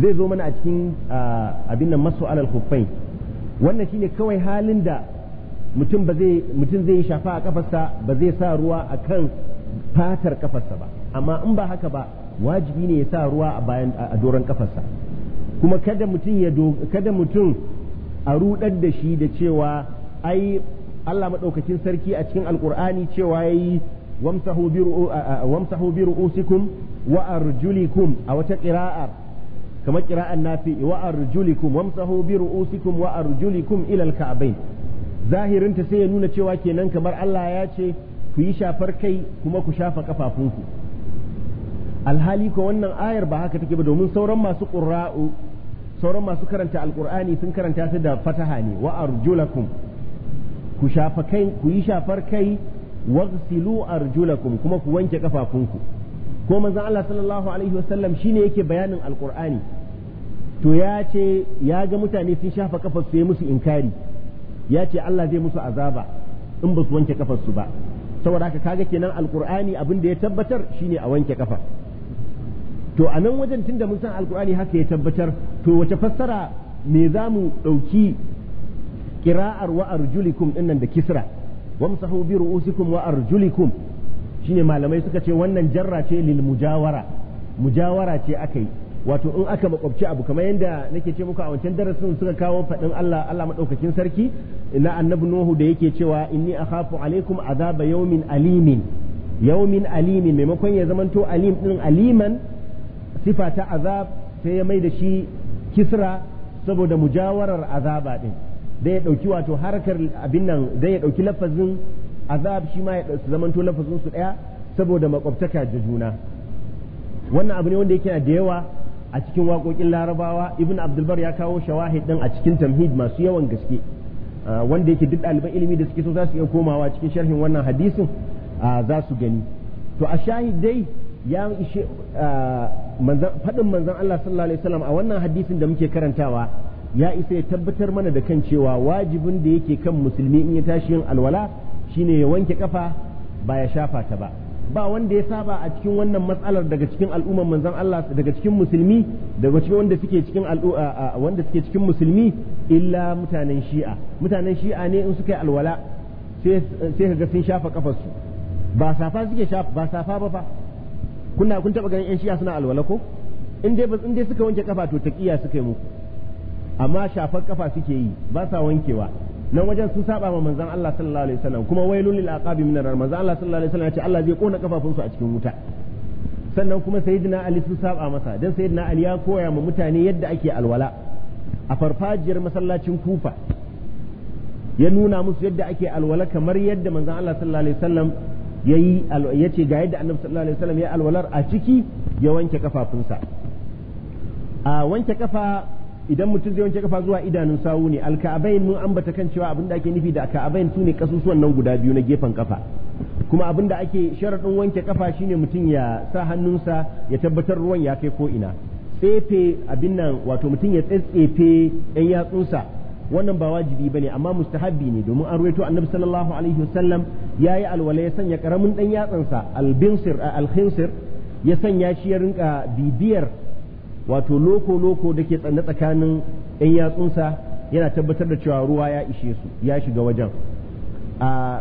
zai zo mana a cikin abin nan masu alal khuffain wannan shine kawai halin da mutum ba zai mutum zai shafa a kafarsa ba zai sa ruwa akan fatar kafarsa ba amma in ba haka ba wajibi ne ya sa ruwa a bayan a doron kafarsa kuma kada mutum ya kada mutum a rudar da shi da cewa ai Allah madaukakin sarki a cikin alkur'ani cewa yayi wamsahu bi wamsahu bi ru'usikum wa arjulikum a wata qira'a kamar qira'an nafi wa arjulikum wamsahu bi ru'usikum wa arjulikum ila alka'bayn zahirin ta sai ya nuna cewa kenan kamar Allah ya ce ku yi shafar kai kuma ku shafa kafafunku alhali ko wannan ayar ba haka take ba domin sauran masu qurra'u sauran masu karanta alkur'ani sun karanta ta da fataha ne wa arjulakum ku shafa kai ku yi shafar kai waghsilu arjulakum kuma ku wanke kafafunku ko manzon Allah sallallahu alaihi wasallam shine yake bayanin alkur'ani to ya ce ya ga mutane sun shafa kafar su yi musu inkari ya ce Allah zai musu azaba in ba su wanke kafar su ba saboda haka kaga kenan alkur'ani abin da ya tabbatar shine a wanke kafa to a nan wajen tunda mun san alkur'ani haka ya tabbatar to wace fassara me za mu ɗauki kira'ar wa arjulikum dinnan da kisra wamsahu bi ru'usikum wa arjulikum shine malamai suka ce wannan jarra ce lil mujawara mujawara ce akai wato in aka makwabci abu kamar yadda nake ce muku a wancan darasin suka kawo faɗin Allah Allah madaukakin sarki ina annabi Nuhu da yake cewa inni akhafu alaikum azaba yawmin alimin yawmin alimin maimakon ya zamanto alim din aliman sifa ta azab sai ya mai da shi kisra saboda mujawarar azaba din da ya ɗauki wato harkar abin nan da ya dauki lafazin azab shi ma ya zamanto lafazin su daya saboda makwabtaka da juna wannan abu ne wanda yake da yawa a cikin waƙoƙin larabawa ibn abdulbar ya kawo shawahid din a cikin tamhid masu yawan gaske ah, wanda yake duk ɗaliban ilimi da suke so za su iya komawa cikin sharhin wannan hadisin ah, za su gani to a shahid dai ya ishe faɗin manzan Allah sallallahu alaihi wasallam a wannan hadisin da muke karantawa ya isa ya tabbatar mana da kan cewa wajibin da yake kan musulmi in ya tashi yin alwala shine ya wanke kafa ba ya shafa ta ba ba wanda ya saba a cikin wannan matsalar daga cikin al'umman manzan Allah daga cikin musulmi daga cikin wanda suke cikin wanda suke cikin musulmi illa mutanen shi'a mutanen shi'a ne in suka yi alwala sai sai ga sun shafa kafarsu ba safa suke shafa ba safa ba fa kuna kun taba ganin yan shiya suna alwala ko in dai in dai suka wanke kafa to taqiya suka yi muku amma shafar kafa suke yi ba sa wankewa nan wajen sun saba ma manzon Allah sallallahu alaihi wasallam kuma wailul lil aqabi minar nar manzon Allah sallallahu alaihi wasallam ya ce Allah zai kona su a cikin wuta sannan kuma sayyidina Ali sun saba masa dan sayyidina Ali ya koya ma mutane yadda ake alwala a farfajiyar masallacin Kufa ya nuna musu yadda ake alwala kamar yadda manzon Allah sallallahu alaihi wasallam yayi yace ga yadda annabi sallallahu alaihi wasallam ya alwalar a ciki ya wanke kafafunsa a wanke kafa idan mutum zai wanke kafa zuwa idanun sawu ne alka'abain mun ambata kan cewa abin da ake nufi da alka'abain su ne kasusuwan nan guda biyu na gefen kafa kuma abin da ake sharaɗin wanke kafa shine mutum ya sa hannunsa ya tabbatar ruwan ya kai ko ina tsefe abin nan wato mutum ya tsetsefe yan yatsunsa wannan ba wajibi bane amma mustahabbi ne domin an ruwaito annabi sallallahu alaihi wasallam yayi alwala ya sanya karamin dan yatsansa albinsir alkhinsir ya sanya shi ya rinka bibiyar wato loko loko da ke tsanne tsakanin yan yatsunsa yana tabbatar da cewa ruwa ya ishe su ya shiga wajen a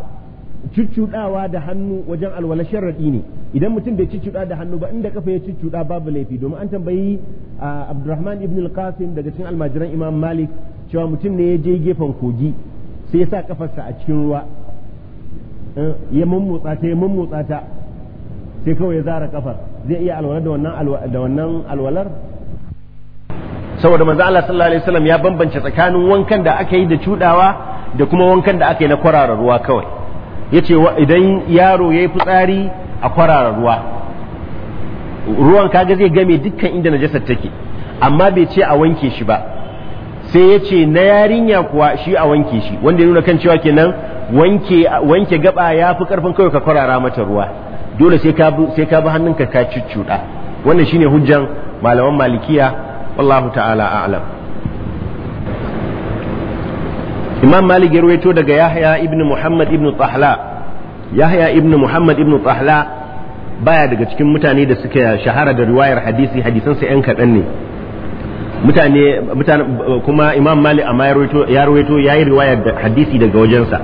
cuccudawa da hannu wajen alwala sharadi ne idan mutum bai cuccuda da hannu ba inda kafa ya cuccuda babu laifi domin an tambayi Abdurrahman ibn al-Qasim daga cikin almajiran Imam Malik cewa mutum ne ya je gefen kogi sai ya sa kafarsa a cikin ruwa eh, ya mummutsa ta ya mummutsa ta sai kawai ya zara kafar zai iya alwalar da wannan alwalar saboda manzo Allah sallallahu alaihi wasallam ya bambance tsakanin wankan da aka yi da cudawa da kuma wankan da aka yi na kwararar ruwa kawai yace idan yaro yayi fitsari a kwararar ruwa ruwan kaga zai game dukkan inda najasar take amma bai ce a wanke shi ba sai ya ce na yarinya kuwa shi a wanke shi wanda ya nuna kan cewa kenan wanke wanke gaba ya fi karfin kawai ka kwarara mata ruwa dole sai ka bi ka bi hannunka ka shi wannan shine hujjan malaman malikiya wallahu ta'ala a'lam imam malik ya ruwaito daga yahya ibnu muhammad ibnu tahla yahya ibnu muhammad ibnu tahla baya daga cikin mutane da suka shahara da riwayar hadisi hadisansa yan kaɗan ne mutane kuma imam malik amma ya rawaito ya yi riwaya da hadisi daga wajensa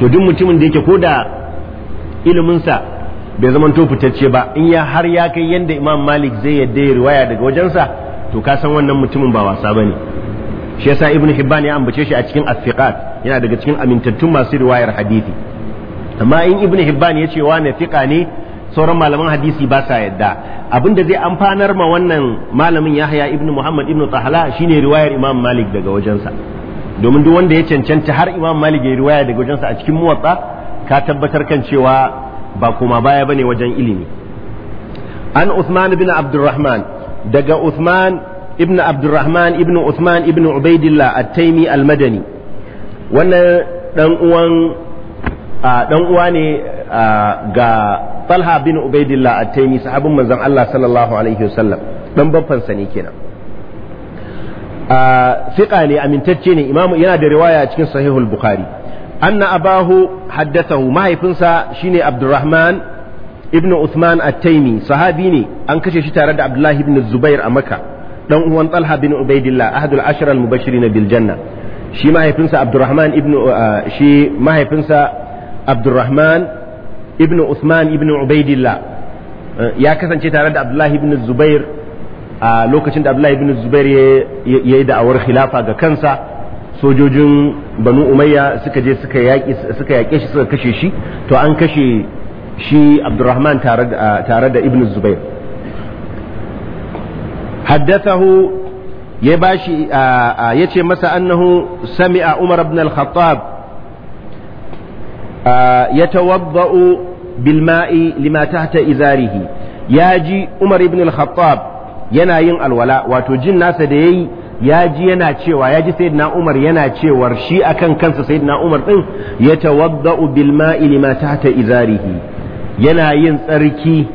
to duk mutumin da yake ko da iliminsa bai zama to fitacce ba in ya har ya kai yadda imam malik zai yadda ya riwaya daga wajensa to ka san wannan mutumin ba wasa ne. shi yasa ibnu hibban ya ambace shi a cikin afiqat yana daga cikin amintattun masu riwayar hadisi amma in ibnu hibban ya ce wa ne fiqa ne sauran malaman hadisi ba sa yadda da zai amfanar ma wannan malamin Yahya ibn Muhammad ibn Tahala shine riwayar Imam Malik daga wajensa domin duk wanda ya cancanta har Imam Malik ya riwaya daga wajensa a cikin muwatta ka tabbatar kan cewa ba kuma baya bane wajen ilimi an Uthman ibn Abdurrahman daga Uthman ibn Abdurrahman ibn Uthman ibn Ubaidillah at-Taimi al-Madani wannan dan uwan dan uwa ne ga Talha bin Ubaidillah at-Taymi sahabin manzon Allah sallallahu alaihi wasallam dan babban sani kenan fiqa ne amintacce ne imamu yana da riwaya cikin sahihul bukhari anna abahu haddathahu mahaifinsa shine Abdurrahman ibn Uthman at-Taymi sahabi ne an kashe shi tare da Abdullah ibn Zubair a Makka dan uwan Talha bin Ubaidillah ahadul ashra al-mubashirin bil janna shi mahaifinsa Abdurrahman ibn shi mahaifinsa Abdurrahman ibn Usman ibn Ubaidillah eh, ya kasance tare da Abdullahi ibn Zubair a lokacin da Abdullahi ibn Zubair ya yi da'awar khilafa ga kansa sojojin Banu Umayya suka je suka yaƙi suka yaƙe shi suka kashe shi to an kashe shi Abdurrahman tare da ibn Zubair haddathahu ya bashi ya ce masa annahu sami'a Umar ibn al-Khattab يتوضأ bilma'i lima tahta izarihi ya ji umar ibn al-khattab yana yin alwala wato jin nasa da yayi ya ji yana cewa ya ji sayyidina umar yana cewa shi akan kansa sayyidina umar ɗin ya tawadda'u bilma'i lima tahta izarihi yana yin tsarki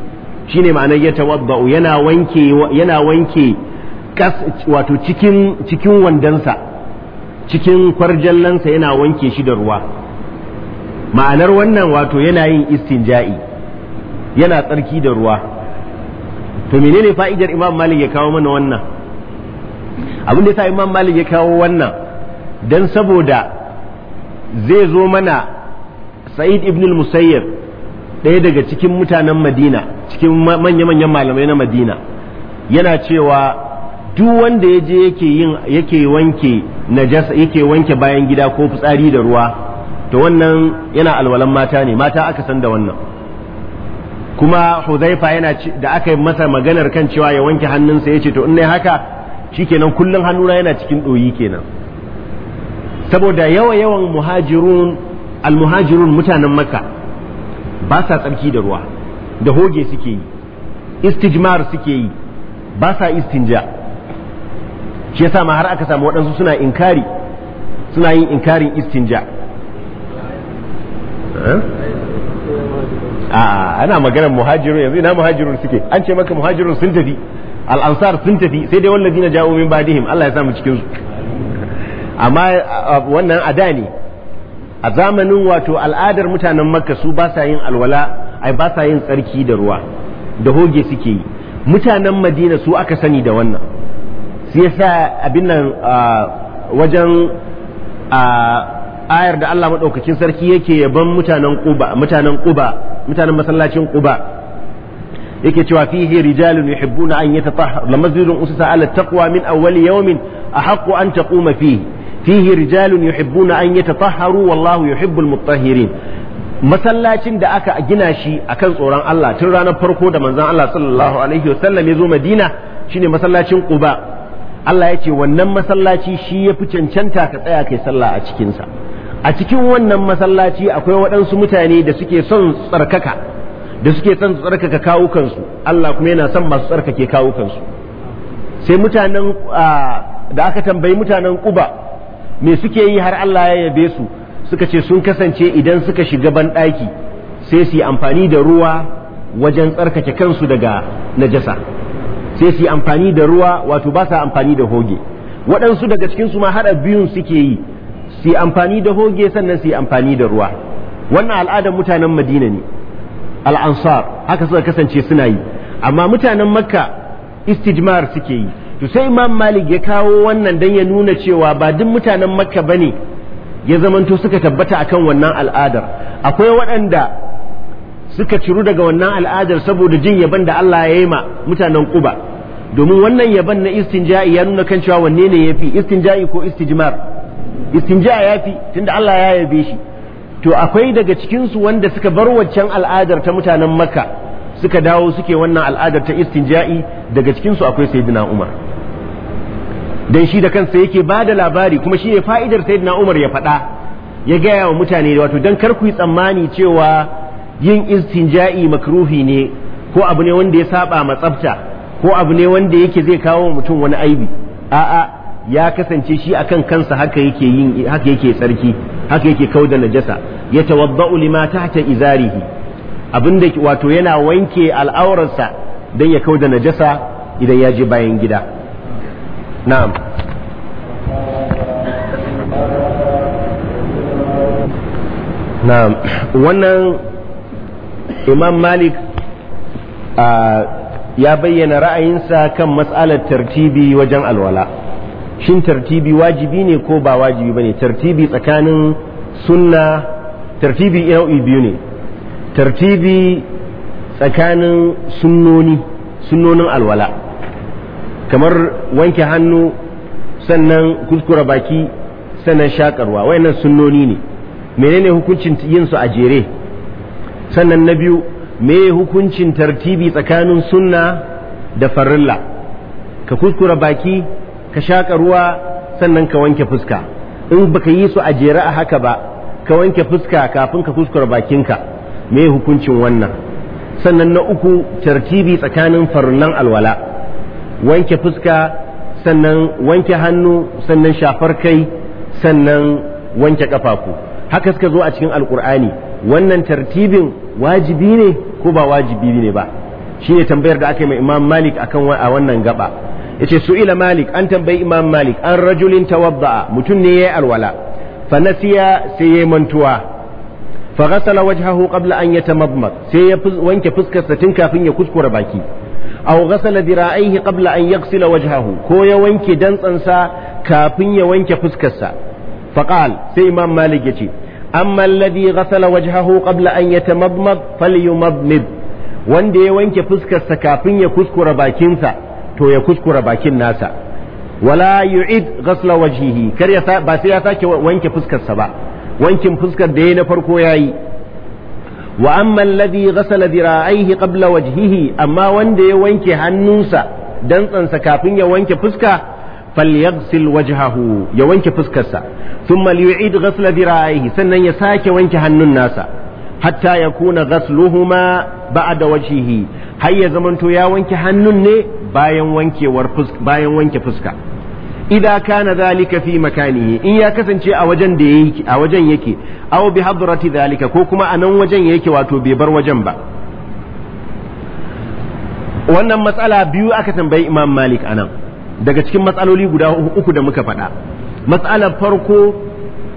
shine ma'anar ya tawadda'u yana wanke yana wato cikin wandonsa cikin kwarjallansa yana wanke shi da ruwa ma'anar wannan wato yana yin istinja'i yana tsarki da ruwa to menene fa'idar imam malik ya kawo mana wannan abin da yasa imam malik ya kawo wannan dan saboda zai zo mana sa'id ibn al ɗaya daga cikin mutanen madina cikin manya-manyan malamai na madina yana cewa duk wanda ya je yake wanke najasa yake wanke bayan gida ko fitsari da ruwa to wannan yana alwalan mata ne mata aka san da wannan kuma huzaifa yana da aka yi masa maganar kan cewa ya wanke hannunsa ya ce to in ne haka shikenan kullum hannuna yana cikin ɗoyi kenan saboda yawa yawan muhajirun almuhajirun mutanen makka ba sa tsarki da ruwa da hoge suke yi istijmar suke yi ba sa istinja shi yasa ma har aka samu waɗansu suna suna yin inkarin istinja Eh? ana maganar muhajirun yanzu ina muhajirun suke an ce maka muhajirun sun tafi al'ansar sun tafi sai dai wallazi na ja'o min badihim Allah ya samu cikin su amma wannan ada ne a zamanin wato al'adar mutanen makka su ba sa yin alwala ai ba sa yin tsarki da ruwa da hoge suke yi mutanen madina su aka sani da wannan sai yasa abin nan wajen ayar da Allah maɗaukakin sarki yake yaban mutanen Quba mutanen Quba mutanen masallacin Quba yake cewa fihi rijalun yuhibbuna an yatatahharu lamazidun usisa ala taqwa min awwali yawmin ahaqqu an taquma fihi fihi rijalun yuhibbuna an yatatahharu wallahu yuhibbul mutahhirin masallacin da aka gina shi akan tsoron Allah tun ranar farko da manzon Allah sallallahu alaihi wasallam ya zo Madina shine masallacin Quba Allah ya ce wannan masallaci shi ya fi cancanta ka tsaya kai sallah a cikinsa a cikin wannan masallaci akwai waɗansu mutane da suke son tsarkaka da suke son tsarkaka kawukansu Allah kuma yana son masu tsarkake kawukansu sai mutanen da aka tambayi mutanen kuba me suke yi har Allah ya yabe su suka ce sun kasance idan suka shiga banɗaki sai su yi amfani da ruwa wajen tsarkake kansu daga najasa sai su yi amfani da ruwa wato ba sa amfani da hoge waɗansu daga cikinsu ma haɗa biyun suke yi su yi amfani da hoge sannan su yi amfani da ruwa wannan al'adar mutanen madina ne al'ansar haka suka kasance suna yi amma mutanen makka istijmar suke yi to sai imam malik ya kawo wannan dan ya nuna cewa ba duk mutanen makka ba ne ya zamanto suka tabbata akan wannan al'adar akwai waɗanda suka ciru daga wannan al'adar saboda jin yaban da Allah ya yi ma mutanen Quba domin wannan yaban na istinja'i ya nuna kan cewa wanne ne yafi istinja'i ko istijmar istinja ya fi tunda Allah ya yabe shi to akwai daga cikinsu wanda suka bar waccan al'adar ta mutanen makka suka dawo suke wannan al'adar ta istinja'i daga cikinsu akwai sayyidina umar dan shi da kansa yake ba da labari kuma shi ne fa'idar sayyidina umar ya faɗa ya gaya wa mutane wato dan kar ku yi tsammani cewa yin istinja'i makruhi ne ko abu ne wanda ya saba ma tsafta ko abu ne wanda yake zai kawo mutum wani aibi a'a ya kasance shi akan kansa haka yake yin haka yake tsarki haka yake kauda najasa ya tawadda'u lima tahta izarihi abinda wato yana wanke al'aurarsa dan ya kauda najasa idan ya je bayan gida na'am na'am wannan imam malik ah, ya bayyana ra'ayinsa kan matsalar tartibi wajen alwala shin tartibi wajibi ne ko ba wajibi bane tartibi tsakanin sunna tartibi nau'i biyu ne tartibi tsakanin sunnoni sunnonin alwala kamar wanke hannu sannan kuskura baki sannan shakarwa wayannan sunnoni ne menene hukuncin yin su a jere sannan na biyu me hukuncin tartibi tsakanin sunna da farilla ka kuskura baki ka shaƙa ruwa sannan ka wanke fuska in baka yi su a jera a haka ba ka wanke fuska kafin ka fuskar bakinka me hukuncin wannan sannan na uku tartibi tsakanin farunan alwala wanke fuska sannan wanke hannu sannan shafar kai sannan wanke kafafu haka suka zo a cikin alkur'ani wannan tartibin wajibi ne ko ba wajibi ne ba shi ne tambayar da aka yi mai imam malik a wannan gaba yace ila malik an tambayi imam malik an rajulin tawadda mutum ne yayi alwala fa nasiya sai yayi mantuwa fa ghasala wajhahu qabla an yatamadmad sai ya wanke fuskarsa tun kafin ya kuskura baki aw ghasala dira'aihi qabla an yaghsila wajhahu ko ya wanke sa kafin ya wanke fuskarsa fa sai imam malik yace amma alladhi ghasala wajhahu qabla an yatamadmad falyumadmid wanda ya wanke fuskarsa kafin ya kuskura bakinsa to ya kuskura bakin nasa wala yu'id ghasla wajhihi kar ya ba sai ya sake wanke fuskarsa ba wankin fuskar da yayi na farko yayi wa amma alladhi ghasala dhira'aihi qabla wajhihi amma wanda ya wanke hannunsa dantsansa kafin ya wanke fuska falyaghsil wajhahu ya wanke fuskarsa thumma liyu'id ghasla dhira'aihi sannan ya sake wanke hannun nasa hatta yakuna ghasluhuma ba'da wajhihi har ya zamanto ya wanke hannun ne bayan wankewar bayan wanke fuska idan kana zalika fi makanihi in ya kasance a wajen da yake a wajen yake aw bi hadrati zalika ko kuma a nan wajen yake wato bai bar wajen ba wannan matsala biyu aka tambayi imam malik anan daga cikin matsaloli guda uku da muka faɗa matsalar farko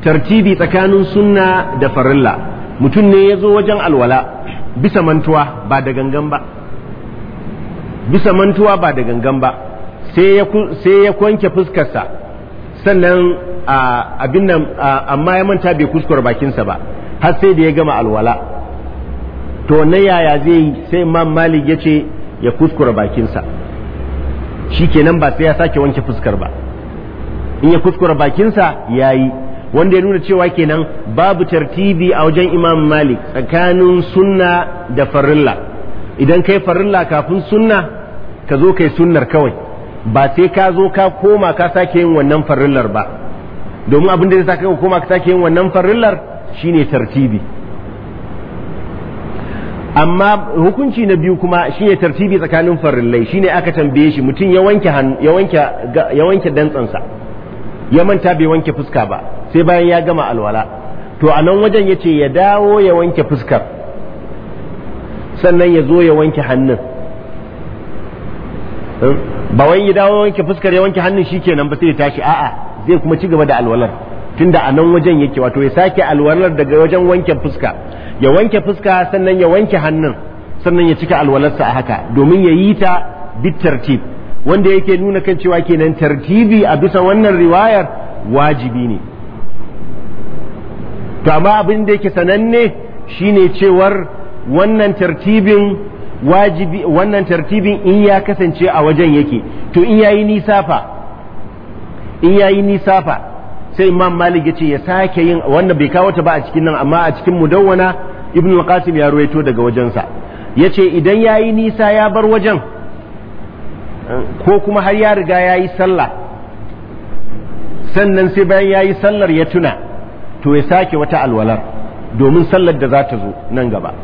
tartibi tsakanin sunna da farilla mutum ne ya zo wajen alwala bisa mantuwa ba da gangan ba bisa mantuwa ba da gangan ba sai ya kwanke fuskarsa sannan abin nan amma ya manta bai kuskura bakinsa ba har sai da ya gama alwala to na yaya zai yi sai imam malik ya ce ya kuskura bakinsa shi kenan ba sai ya sake wanke fuskar ba in ya kuskura bakinsa ya yi wanda ya nuna cewa kenan babu tartibi a wajen imam malik tsakanin sunna da farilla idan kai farilla kafin sunna ka zo kai sunnar kawai ba sai ka zo ka koma ka sake yin wannan farillar ba domin abin da zai saka koma ka sake yin wannan farillar shine tartibi amma hukunci na biyu kuma shine tartibi tsakanin farillai shine aka tambaye shi mutum ya wanke ya wanke ya wanke dantsansa ya manta bai wanke fuska ba sai bayan ya gama alwala to anan wajen yace ya dawo ya wanke fuskar sannan ya zo ya wanke hannun ba wai ya dawo wanke fuskar ya wanke hannun shikenan ba sai tashi a'a zai kuma ci gaba da alwalar tunda a nan wajen yake wato ya sake alwalar daga wajen wanke fuska ya wanke fuska sannan ya wanke hannun sannan ya cika alwalarsa a haka domin ya yi ta tartib. wanda yake nuna kan cewa kenan tartibi a bisa wannan riwayar wajibi ne to amma abin da yake sananne shine cewar wannan tartibin wajibi wannan tartibin in ya kasance a wajen yake to in yayi nisa fa in yayi nisa fa sai imam malik ya ce ya sake yin wannan bai kawo ta ba a cikin nan amma a cikin mudawwana ibnu al-qasim ya ruwaito daga wajensa ya ce idan yayi nisa ya bar wajen ko kuma har ya riga yayi sallah sannan sai bayan yayi sallar ya tuna to ya sake wata alwalar domin sallar da za ta zo nan gaba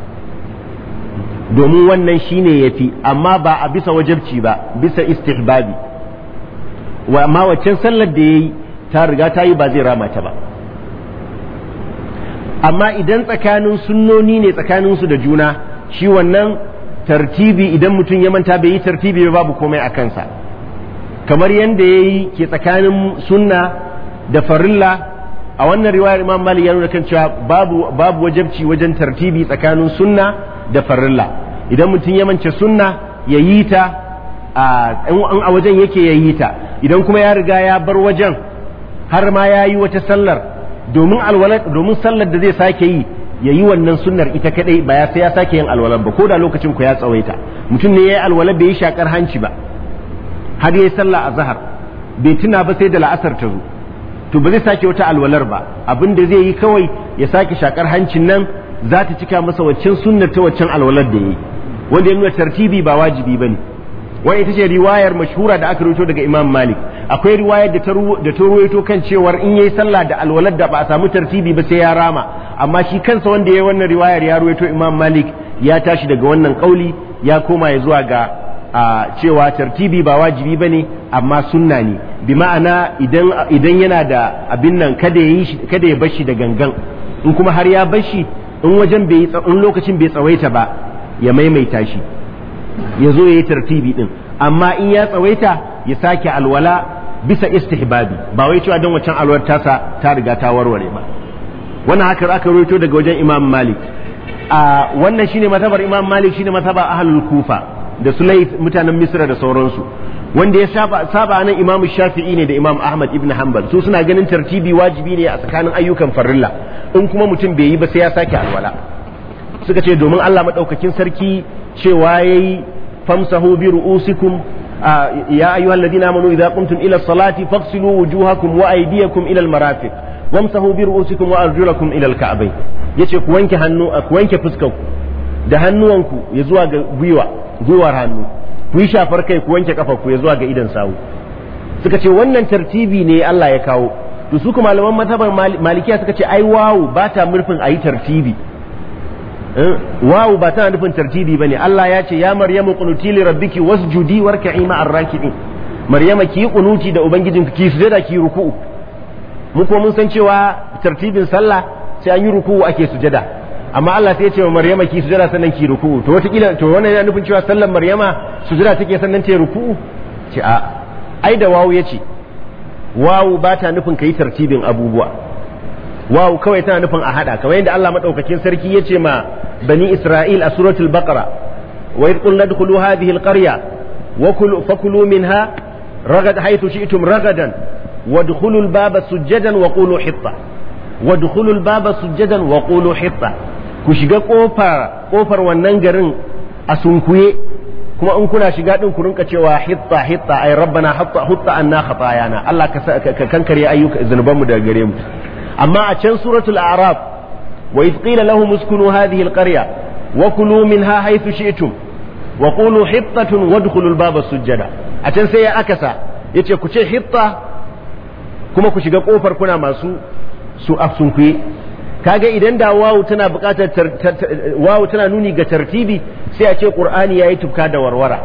domin wannan shine yafi amma ba a bisa wajabci ba bisa istihbabi wa amma waccan sallar da yayi ta riga ta yi ba zai rama ta ba amma idan tsakanin sunnoni ne tsakanin su da juna shi wannan tartibi idan mutum ya manta bai yi tartibi ba babu komai a kansa kamar yadda ya yi ke tsakanin sunna da farilla a wannan riwayar imam malik ya nuna kan cewa babu babu wajabci wajen tartibi tsakanin sunna da farilla idan mutum ya mance sunna ya yi ta a wajen yake ya yi ta idan kuma ya riga ya bar wajen har ma ya yi wata sallar domin domin sallar da zai sake yi ya yi wannan sunnar ita kadai ba ya sai ya sake yin alwalar ba ko da lokacin ku ya tsawaita mutum ne ya yi alwalar bai yi shakar hanci ba har ya yi sallah a zahar bai tuna ba sai da la'asar ta zo to ba zai sake wata alwalar ba abin da zai yi kawai ya sake shakar hancin nan za ta cika masa waccan sunnar ta waccan alwalar da yi wanda ya nuna tartibi ba wajibi bane wai ita ce riwayar mashura da aka rawaito daga Imam Malik akwai riwayar da ta rawaito kan cewar in yayi sallah da alwalar da ba a samu tartibi ba sai ya rama amma shi kansa wanda ya yi wannan riwayar ya rawaito Imam Malik ya tashi daga wannan kauli ya koma ya zuwa ga cewa tartibi ba wajibi ba ne amma sunna ne bi ma'ana idan yana da abin nan kada ya bashi da gangan in kuma har ya bashi in wajen bai in lokacin bai tsawaita ba ya maimaita shi ya zo ya yi tartibi din amma in ya tsawaita ya sake alwala bisa istihbabi ba wai cewa don wancan alwar tasa ta riga ta warware ba wannan haka aka rawaito daga wajen imam malik a wannan shine matabar imam malik shine matabar ahlul kufa da sulaif mutanen misra da sauransu wanda ya saba saba nan imam shafi'i ne da imam ahmad ibn hanbal su suna ganin tartibi wajibi ne a tsakanin ayyukan farilla in kuma mutum bai yi ba sai ya sake alwala suka ce domin allah maɗaukakin sarki cewa yi famsahu bi ru'usikum ya ayyuhal ladina amanu idza qumtum ila salati faghsilu wujuhakum wa aydiyakum ila almarafiq wamsahu bi ru'usikum wa arjulakum ila alka'bay yace ku wanke hannu ku wanke fuskanku da hannuwanku ya zuwa ga gwiwa gwiwar hannu ku yi shafar kai ku wanke kafa ku ya zuwa ga idan sawu suka ce wannan tartibi ne Allah ya kawo to su kuma malaman mazhabar malikiya suka ce ai wawu ba ta murfin ayi tartibi eh, wawu ba tana nufin tartibi bane Allah ya ce ya maryamu qunuti li rabbiki wasjudi warka'i ma'ar raki'in maryama ki qunuti da ubangijin ki sujada ki ruku'u mu ko mun san cewa tartibin sallah sai an yi ruku'u ake sujada amma Allah sai ya ce wa Maryama ki sujada sannan ki ruku'u to wata kila to wannan yana nufin cewa sallar Maryama sujada take sannan ta ruku'u ce a ai da wawu yace wawu ba ta nufin kai tartibin abubuwa wawu kawai tana nufin a hada kamar yadda Allah madaukakin sarki yace ma bani Isra'il a suratul baqara wa idh qulna hadhihi alqarya wa kulu fakulu minha ragad haythu shi'tum ragadan وادخلوا الباب سجدا وقولوا حطه وادخلوا الباب سجدا وقولوا ku shiga kofar wannan garin a sunkuye kuma in kuna shiga din ku rinka cewa hitta hitta ay rabbana hatta hutta anna khatayana Allah ka kankare ayyuka zunuban mu daga gare mu amma a can suratul a'raf wa idh qila lahum uskunu hadhihi alqarya wa kulu minha haythu shi'tum wa qulu hittatun wadkhulu albaba sujjada a can sai ya akasa yace ku ce hitta kuma ku shiga kofar kuna masu su afsunkuye kaga idan da wawu tana buƙatar wawu tana nuni ga tartibi sai a ce qur'ani yayi tufka da warwara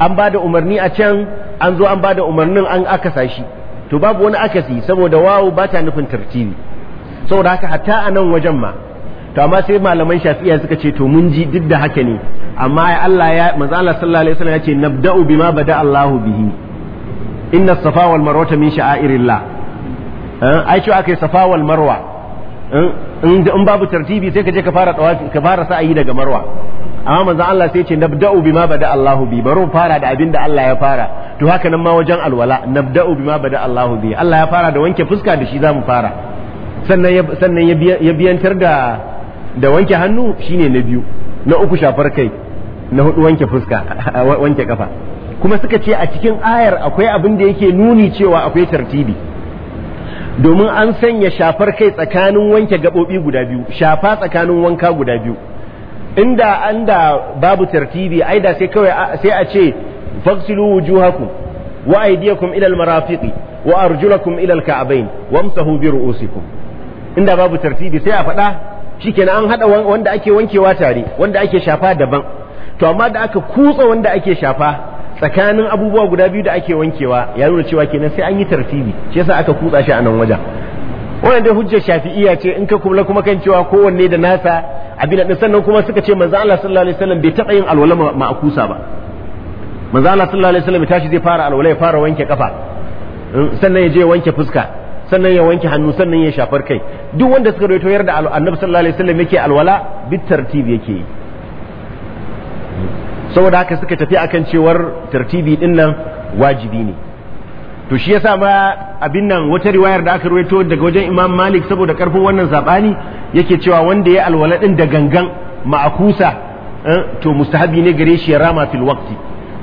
an ba umarni a can an zo an bada umarnin an akasa shi to babu wani akasi saboda wawu ba ta nufin tartibi saboda haka hatta a nan wajen ma to amma sai malaman shafi'a suka ce to mun ji duk da haka ne amma ya Allah ya manzo Allah sallallahu alaihi wasallam ya ce nabda'u bima bada Allahu bihi inna safa wal marwa min sha'airillah eh, ai ce akai safa wal marwa in babu tartibi sai ka je ka fara tawafi ka fara sa'ayi daga marwa amma manzon Allah sai ya ce nabda'u bima bada Allahu bi baro fara da abin da Allah ya fara to haka nan ma wajen alwala nabda'u bima bada Allahu bi Allah ya fara da wanke fuska da shi zamu fara sannan sannan ya biyantar da da wanke hannu shine na biyu na uku shafar kai na hudu wanke fuska wanke kafa kuma suka ce a cikin ayar akwai abin da yake nuni cewa akwai tartibi domin an sanya shafar kai tsakanin wanke gaɓoɓi guda biyu shafa tsakanin wanka guda biyu inda an da babu tartibi ai da sai kawai sai a ce fagsilu wujuhakum wa aydiyakum ila almarafiqi wa arjulakum ila alka'bayn wamsahu bi ru'usikum inda babu tartibi sai a faɗa shikenan an hada wanda ake wankewa tare wanda ake shafa daban to amma da aka kutsa wanda ake shafa tsakanin abubuwa guda biyu da ake wankewa ya nuna cewa kenan sai an yi tartibi shi yasa aka kutsa shi a nan wajen wannan dai hujjar shafi'iyya ce in ka kula kuma kan cewa kowanne da nasa abin da sannan kuma suka ce manzo Allah sallallahu alaihi wasallam bai taɓa yin alwala akusa ba manzo Allah sallallahu alaihi wasallam tashi zai fara alwala ya fara wanke kafa eh, sannan ya je wanke fuska sannan ya wanke hannu sannan ya shafar kai duk wanda suka rawaito yarda annabi sallallahu alaihi wasallam yake alwala bi tartibi yake yi saboda haka suka tafi akan cewar tartibi din nan wajibi ne to shi yasa ba abin nan wata riwayar da aka ruwaito daga wajen Imam Malik saboda karfin wannan sabani yake cewa wanda ya alwala din da gangan ma'akusa eh, to mustahabi ne gare shi ya rama fil waqti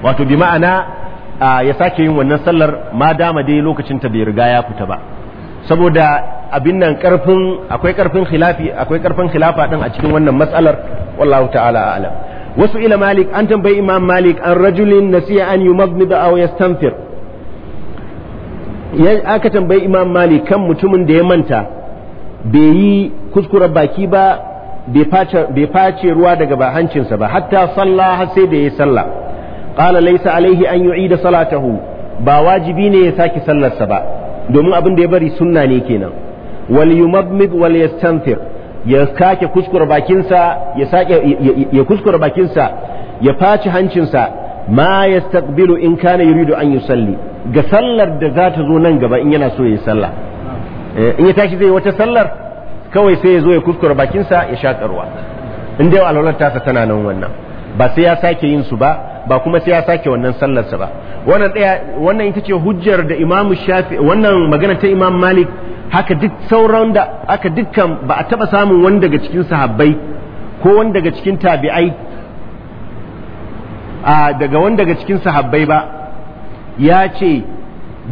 wato bi ma'ana ya sake yin wannan sallar ma dama dai lokacin ta bai riga ya fita ba saboda abin nan karfin akwai karfin khilafi akwai karfin khilafa din a cikin wannan matsalar wallahu ta'ala a'lam wasu ila malik an tambayi imam malik an rajulin nasiya an yumadmida aw yastanfir aka tambayi imam malik kan mutumin da ya manta bai yi kuskure baki ba bai face ruwa daga ba hancinsa ba hatta sallah har sai da ya salla qala laysa alaihi an yu'ida salatahu ba wajibi ne ya saki sallarsa ba domin abin da ya bari sunna ne kenan wal yumadmid wal yastanfir ya kake kuskura bakinsa ya sake ya kuskura bakinsa ya faci hancinsa ma yastaqbilu in kana yuridu an yusalli ga sallar da za ta zo nan gaba in yana so ya yi sallah eh, in ya tashi zai wata sallar kawai sai ya zo ya kuskure bakinsa ya shakarwa in dai alwalar ta tana nan wannan ba sai ya sake yin su ba ba kuma sai ya sake wannan sallar sa ba wannan daya wannan ita ce hujjar da Imam Shafi wannan magana ta Imam Malik haka duk sauran da aka dukkan ba a taɓa samun wani daga cikin sahabbai ko wani daga cikin tabi'ai a daga wani daga cikin sahabbai ba ya ce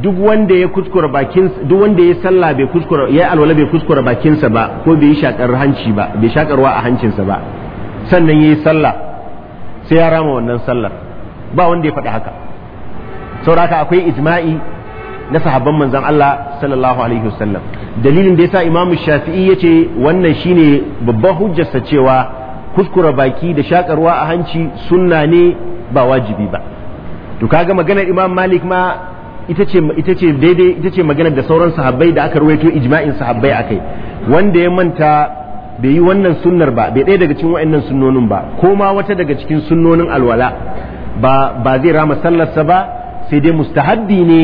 duk wanda ya kuskura bakin duk wanda ya sallah bai kuskura ya alwala bai kuskura bakinsa ba ko bai yi shakar hanci ba bai shakarwa a hancinsa ba sannan yayi sallah sai ya rama wannan sallar ba wanda ya faɗi haka saboda akwai ijma'i na sahabban manzon Allah sallallahu alaihi wasallam dalilin da yasa Imam Shafi'i yace wannan shine babban hujjarsa cewa kuskura baki da shakarwa a hanci sunna ne ba wajibi ba to kaga maganar Imam Malik ma ita ce ita ce daidai ita ce maganar da sauran sahabbai da aka rawaito ijma'in sahabbai akai wanda ya manta bai yi wannan sunnar ba bai ɗaya daga cikin wa'annan sunnonin ba ko ma wata daga cikin sunnonin alwala ba ba zai rama sallarsa ba sai dai mustahabbi ne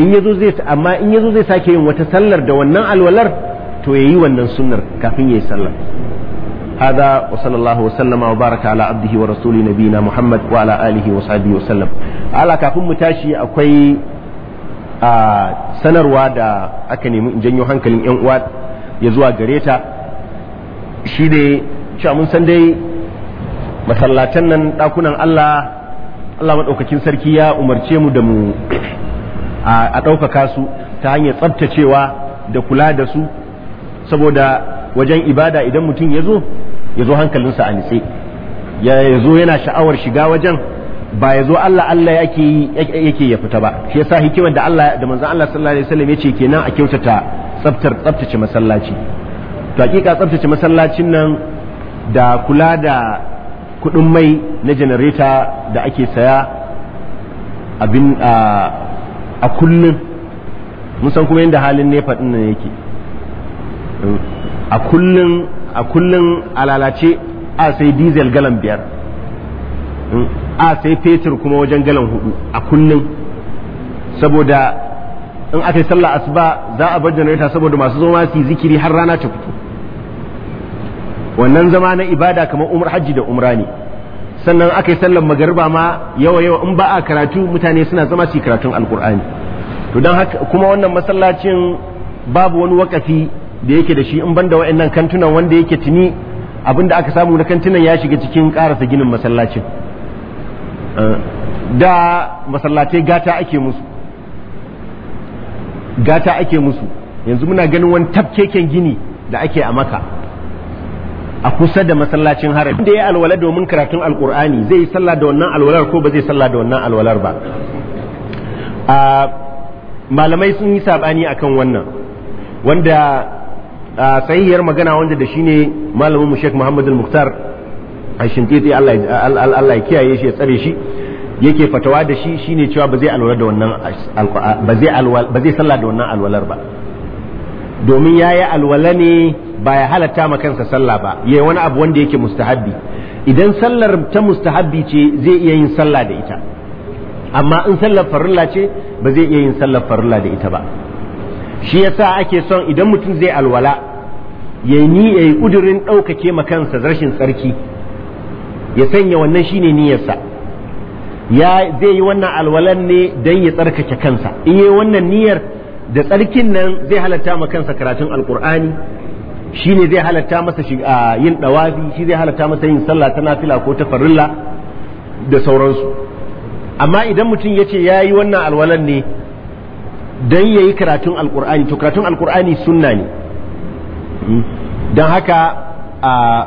in yazo zai amma in yazo zai sake yin wata sallar da wannan alwalar to yayi wannan sunnar kafin yayi sallar wa baraka ala abdihi wa rasuli nabina muhammad wa ala alihi wa sahbihi wa sallam ala kafin mu tashi akwai a sanarwa da aka nemi in janyo hankalin yan uwa ya zuwa gare ta shi ne cewa mun san dai masallatan nan dakunan Allah Allah madaukakin sarki ya umarce mu da mu a ɗaukaka su ta hanyar tsabtacewa da kula da su saboda wajen ibada idan mutum ya zo ya zo hankalinsa a nitse ya zo yana sha'awar shiga wajen ba ya zo Allah Allah yake ya fita ba shi yasa hikimar da Allah da manzon Allah sallallahu alaihi wasallam yace kenan a kyautata tsaftar tsaftace masallaci to hakika tsaftace masallacin nan da kula da kudin mai na janareta da ake saya abin a kullum mun san kuma yadda halin nefa ɗin nan yake a kullum a kullum a lalace a sai diesel galan biyar a sai fetur kuma wajen galan hudu a kullum saboda in aka yi sallah asuba za a bar janareta saboda masu zoma su yi zikiri har rana ta fito wannan zama na ibada kamar umar hajji da umra ne sannan aka yi sallar magariba ma yawa yawa in ba a karatu mutane suna zama su karatun alkur'ani to don haka kuma wannan masallacin babu wani wakafi da yake da shi in banda wa'annan kantunan wanda yake tuni abinda aka samu na kantunan ya shiga cikin karasa ginin masallacin eh, da masallatai gata ake musu gata ake musu yanzu muna ganin wani tafkeken gini da ake a maka a kusa da masallacin haram Wanda ya alwala domin karatun alkur'ani zai yi da wannan alwalar ko ba zai sallah da wannan alwalar ba malamai sun yi sabani akan wannan wanda sahihiyar magana wanda da shine malamin mu Sheikh Muhammad al muktar a shintiti Allah ya kiyaye shi ya tsare shi yake fatawa da shi shine cewa ba zai alwala da wannan ba zai sallah da wannan alwalar ba domin yayi alwala ne ba ya halatta ma kansa sallah ba ya yi wani abu wanda yake mustahabbi idan sallar ta mustahabbi ce zai iya yin sallah da ita amma in sallar farilla ce ba zai iya yin sallar farilla da ita ba shi yasa ake son idan mutum zai alwala ya ni ya yi ƙudurin ɗaukake ma kansa rashin tsarki ya sanya wannan shine niyyarsa ya zai yi wannan alwalan ne don ya tsarkake kansa in yi wannan niyyar da tsarkin nan zai halatta ma kansa karatun alkur'ani shi ne zai halatta masa yin ɗawafi shi zai halatta masa yin sallah ta nafila ko ta farilla da sauransu amma idan mutum ya ce ya yi wannan alwalan ne don ya yi karatun alkur'ani to karatun alkur'ani sunna ne hmm? don haka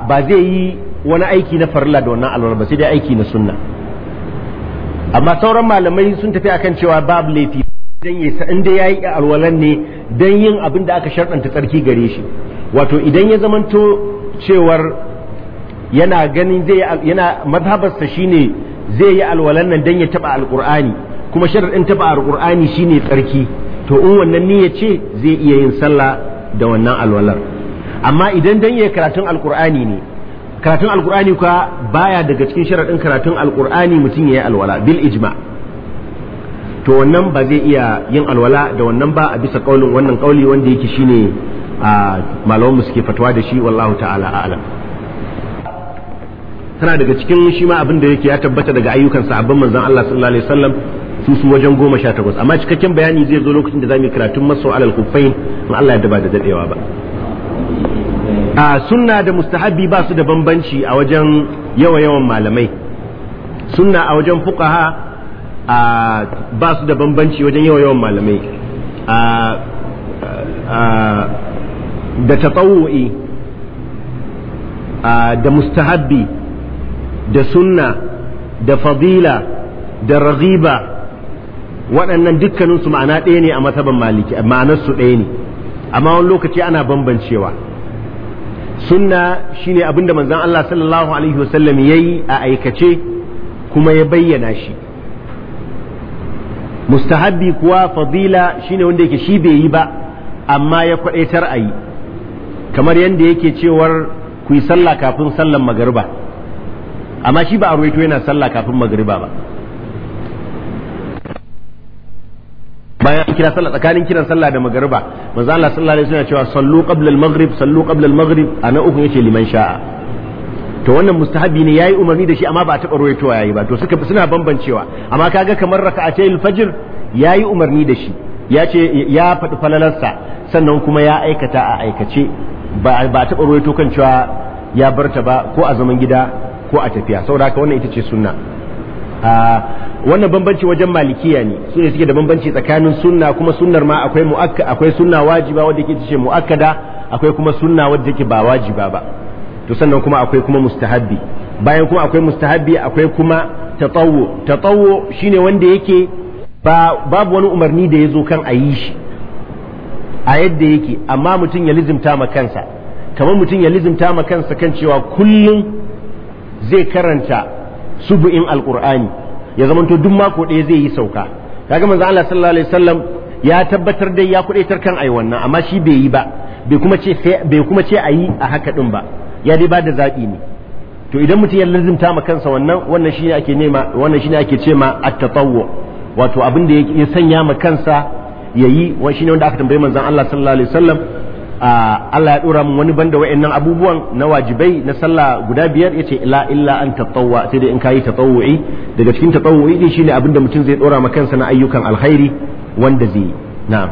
ba zai yi wani aiki na farilla da wannan alwalan ba sai dai aiki na sunna amma sauran malamai sun tafi akan cewa babu laifi dan ya in dai yayi alwalan ne don yin abin da aka sharɗanta tsarki gare shi wato idan ya zamanto cewar yana ganin zai yana mazhabarsa shine zai yi alwalan nan dan ya taba alqur'ani kuma sharadin taba alqur'ani shine tsarki to in wannan niyya ce zai iya yin sallah da wannan alwalar amma idan dan ya karatun alqur'ani ne karatun alqur'ani kuwa baya daga cikin sharadin karatun alqur'ani mutum yayi alwala bil ijma to wannan ba zai iya yin alwala da wannan ba a bisa kaulin wannan kauli wanda yake shine a malamanmu suke fatawa da shi wallahu ta'ala a'lam tana daga cikin shi ma abin da yake ya tabbata daga ayyukan sahabban manzon Allah sallallahu alaihi wasallam su su wajen goma sha takwas amma cikakken bayani zai zo lokacin da zamu karatu masu alal kufain in Allah ya daba da dadewa ba a sunna da mustahabi ba su da bambanci a wajen yawa yawan malamai sunna a wajen fuqaha a ba su da bambanci wajen yawa yawan malamai a da tatsawu'i da mustahabbi da sunna da fadila da Raziba waɗannan dukkaninsu ma'ana ɗaya ne a mataban maliki ma'anarsu ɗaya ne amma wani lokaci ana bambancewa sunna shine abinda manzon Allah sallallahu alaihi wasallam yayi a aikace kuma ya bayyana shi mustahabbi kuwa fadila shine wanda yake shi bai yi ba amma ya kwadaitar a yi kamar yadda yake cewar ku yi sallah kafin sallan magariba amma shi ba a ruwaito yana sallah kafin magariba ba bayan kira sallah tsakanin kiran sallah da magariba manzo Allah sallallahu alaihi wasallam cewa sallu qabla al-maghrib sallu qabla al-maghrib ana uku yace liman sha'a to wannan mustahabi ne yayi umarni da shi amma ba a taba ruwaitowa yayi ba to suka suna bambancewa amma kaga kamar raka'atay al-fajr yayi umarni da shi ya ce ya faɗi falalarsa sannan kuma ya aikata a aikace ba ba taɓa ruwaito kan cewa ya barta ba ko a zaman gida ko a tafiya saboda haka wannan ita ce sunna wannan bambanci wajen malikiya ne su ne suke da bambanci tsakanin sunna kuma sunnar ma akwai mu'akka akwai sunna wajiba wadda ke ce mu'akkada akwai kuma sunna wanda ke ba wajiba ba to sannan kuma akwai kuma mustahabbi bayan kuma akwai mustahabbi akwai kuma tatawwu tatawwu shine wanda yake ba babu wani umarni da ya zo kan a yi shi a yadda yake amma mutum ya lizimta ma kansa kamar mutum ya lizimta ma kansa kan cewa kullum zai karanta subu'in alqur'ani ya zamanto duk mako ɗaya zai yi sauka kaga manzo Allah sallallahu alaihi wasallam ya tabbatar dai ya kudaitar kan ai wannan amma shi bai yi ba bai kuma ce bai kuma ce ayi a haka din ba ya dai bada zabi ne to idan mutum ya lazimta ma kansa wannan wannan shine ake nema wannan shine ake ce ma at-tatawwu wato abin da ya sanya ma kansa yayi wani ne wanda aka tambaye manzon Allah sallallahu alaihi wasallam Allah ya dora min wani banda wa'annan abubuwan na wajibai na sallah guda biyar yace la illa an tatawwa sai dai in kayi tatawwu'i daga cikin tatawwu'i din shine abinda mutum zai dora ma kansa na ayyukan alkhairi wanda zai na'am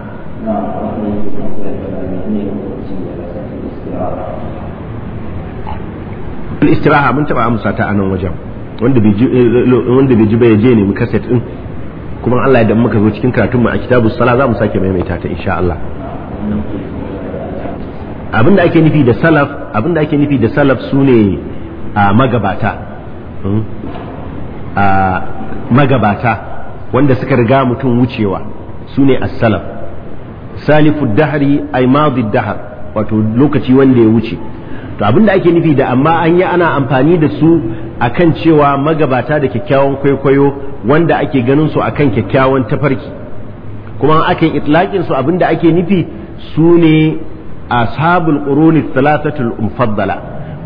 al-istiraha mun taba amsa ta anan wajen wanda bai ji eh, wanda bai ji ya je ne mu kaset din kuma Allah idan muka zo cikin karatunmu a kitabu sala za mu sake maimaita ta insha Allah abinda ake nufi da salaf abinda ake nufi da salaf sune a magabata hmm? a magabata wanda suka riga mutum wucewa sune as-salaf salifu dahri ay madi dahr wato lokaci wanda ya wuce to abinda ake nufi da amma an yi ana amfani da su akan cewa magabata da kyakkyawan kwaikwayo wanda ake ganin su akan kyakkyawan tafarki kuma akan itlaqin su abinda ake nufi su ne ashabul quruni thalathatul mufaddala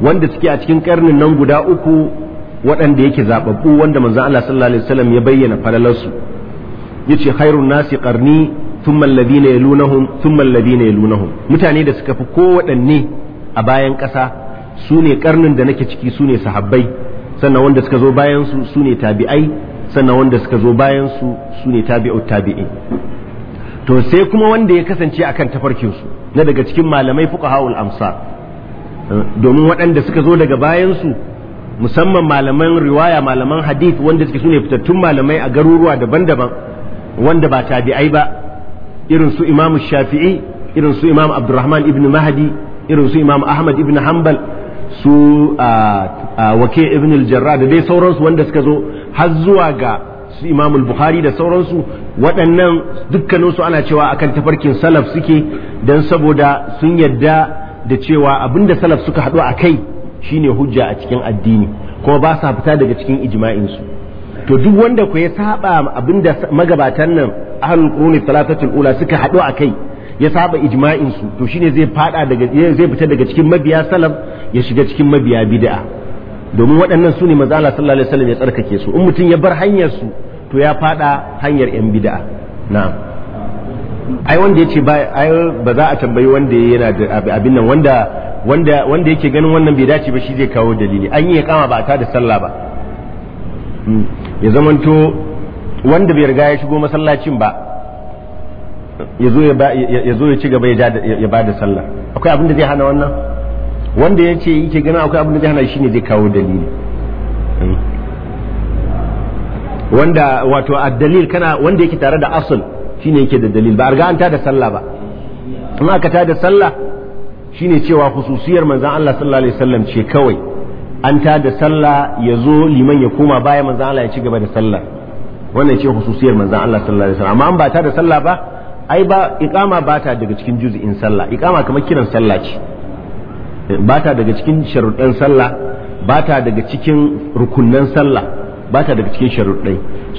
wanda suke a cikin karnin nan guda uku waɗanda yake zababbu wanda manzon Allah sallallahu alaihi wasallam ya bayyana falalarsu yace khairun nasi qarni thumma alladhina yalunahum thumma alladhina yalunahum mutane da suka fi kowaɗanne a bayan ƙasa su ne karnin da nake ciki su ne sahabbai sannan wanda suka zo bayan su su ne tabi'ai sannan wanda suka zo bayan su su ne tabi'u tabi'in to sai kuma wanda ya kasance akan tafarkin su na daga cikin malamai fuqahaul amsa domin waɗanda suka zo daga bayan su musamman malaman riwaya malaman hadith wanda suke sune fitattun malamai a garuruwa daban-daban wanda ba tabi'ai ba irin su imamu Shafi'i irin su imamu Abdurrahman ibn Mahdi irin su Imam Ahmad ibn Hanbal su wake ibn al-jarra da dai sauransu wanda suka zo har zuwa ga su imam al-bukhari da sauransu waɗannan dukkaninsu ana cewa akan tafarkin salaf suke don saboda sun yadda da cewa abinda salaf suka haɗu a kai shine hujja a cikin addini kuma ba sa fita daga cikin ijma'insu to duk wanda ku ya saba abinda magabatan nan ahlul quruni salatatul ula suka haɗu a kai ya saba ijma'insu to shine zai fada daga zai fita daga cikin mabiya salaf ya shiga cikin mabiya bid'a domin waɗannan su ne maza Allah sallallahu alaihi wasallam ya tsarkake su in mutum ya bar hanyar su to ya fada hanyar yan bid'a na'am ai wanda yace ba ai ba za a tambayi wanda yana da abin nan wanda wanda wanda yake ganin wannan bai dace ba shi zai kawo dalili an yi ya kama ba ta da sallah ba hmm. ya zamanto wanda bai riga ya shigo masallacin ba ya zo ya ci gaba ya ba da sallah akwai abin da zai hana wannan wanda ya ce yake ganin akwai abin da zai hana shi ne zai kawo dalili hmm. wanda wato a dalil kana wanda yake tare da shi shine yake da dalil ba a riga an tada sallah ba kuma aka tada sallah shine cewa hususiyar manzan Allah sallallahu alaihi wasallam ce kawai an tada sallah ya zo liman ya koma baya manzan Allah ya ci gaba da sallah wannan ce hususiyar manzan Allah sallallahu alaihi wasallam amma an ba tada sallah ba ai ba iqama ba ta daga cikin in sallah iqama kamar kiran sallah ce ba ta daga cikin sharuɗan sallah ba ta daga cikin rukunnan sallah ba ta daga cikin sharuɗai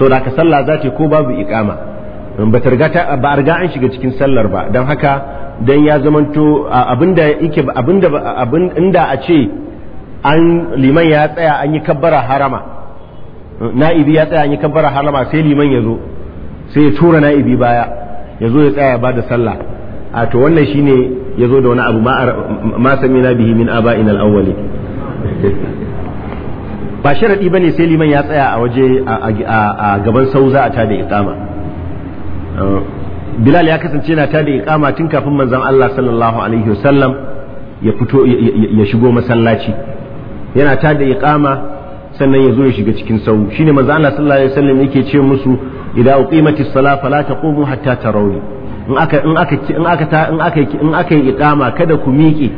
da aka sallah za ta ko babu iqama ba ta riga ba riga an shiga cikin sallar ba don haka dan ya zamanto abinda yake abinda abin inda a ce an liman ya tsaya an yi kabbara harama na'ibi ya tsaya an yi kabbara harama sai liman ya zo sai ya tura na'ibi baya ya zo ya tsaya ba da sallah a to wannan shine ya zo da wani abu ma samina bihi min aba'in al-awwali ba sharadi bane sai liman ya tsaya a waje a gaban sau za a tada iqama uh, bilal ya kasance yana tada iqama tun kafin manzon Allah sallallahu alaihi wasallam ya fito ya shigo masallaci yana tada iqama sannan ya zo ya shiga cikin sau shine manzon Allah sallallahu alaihi wasallam yake ce musu idan uqimatis sala fala taqumu hatta tarawni in aka in aka yi ikama kada ku miƙe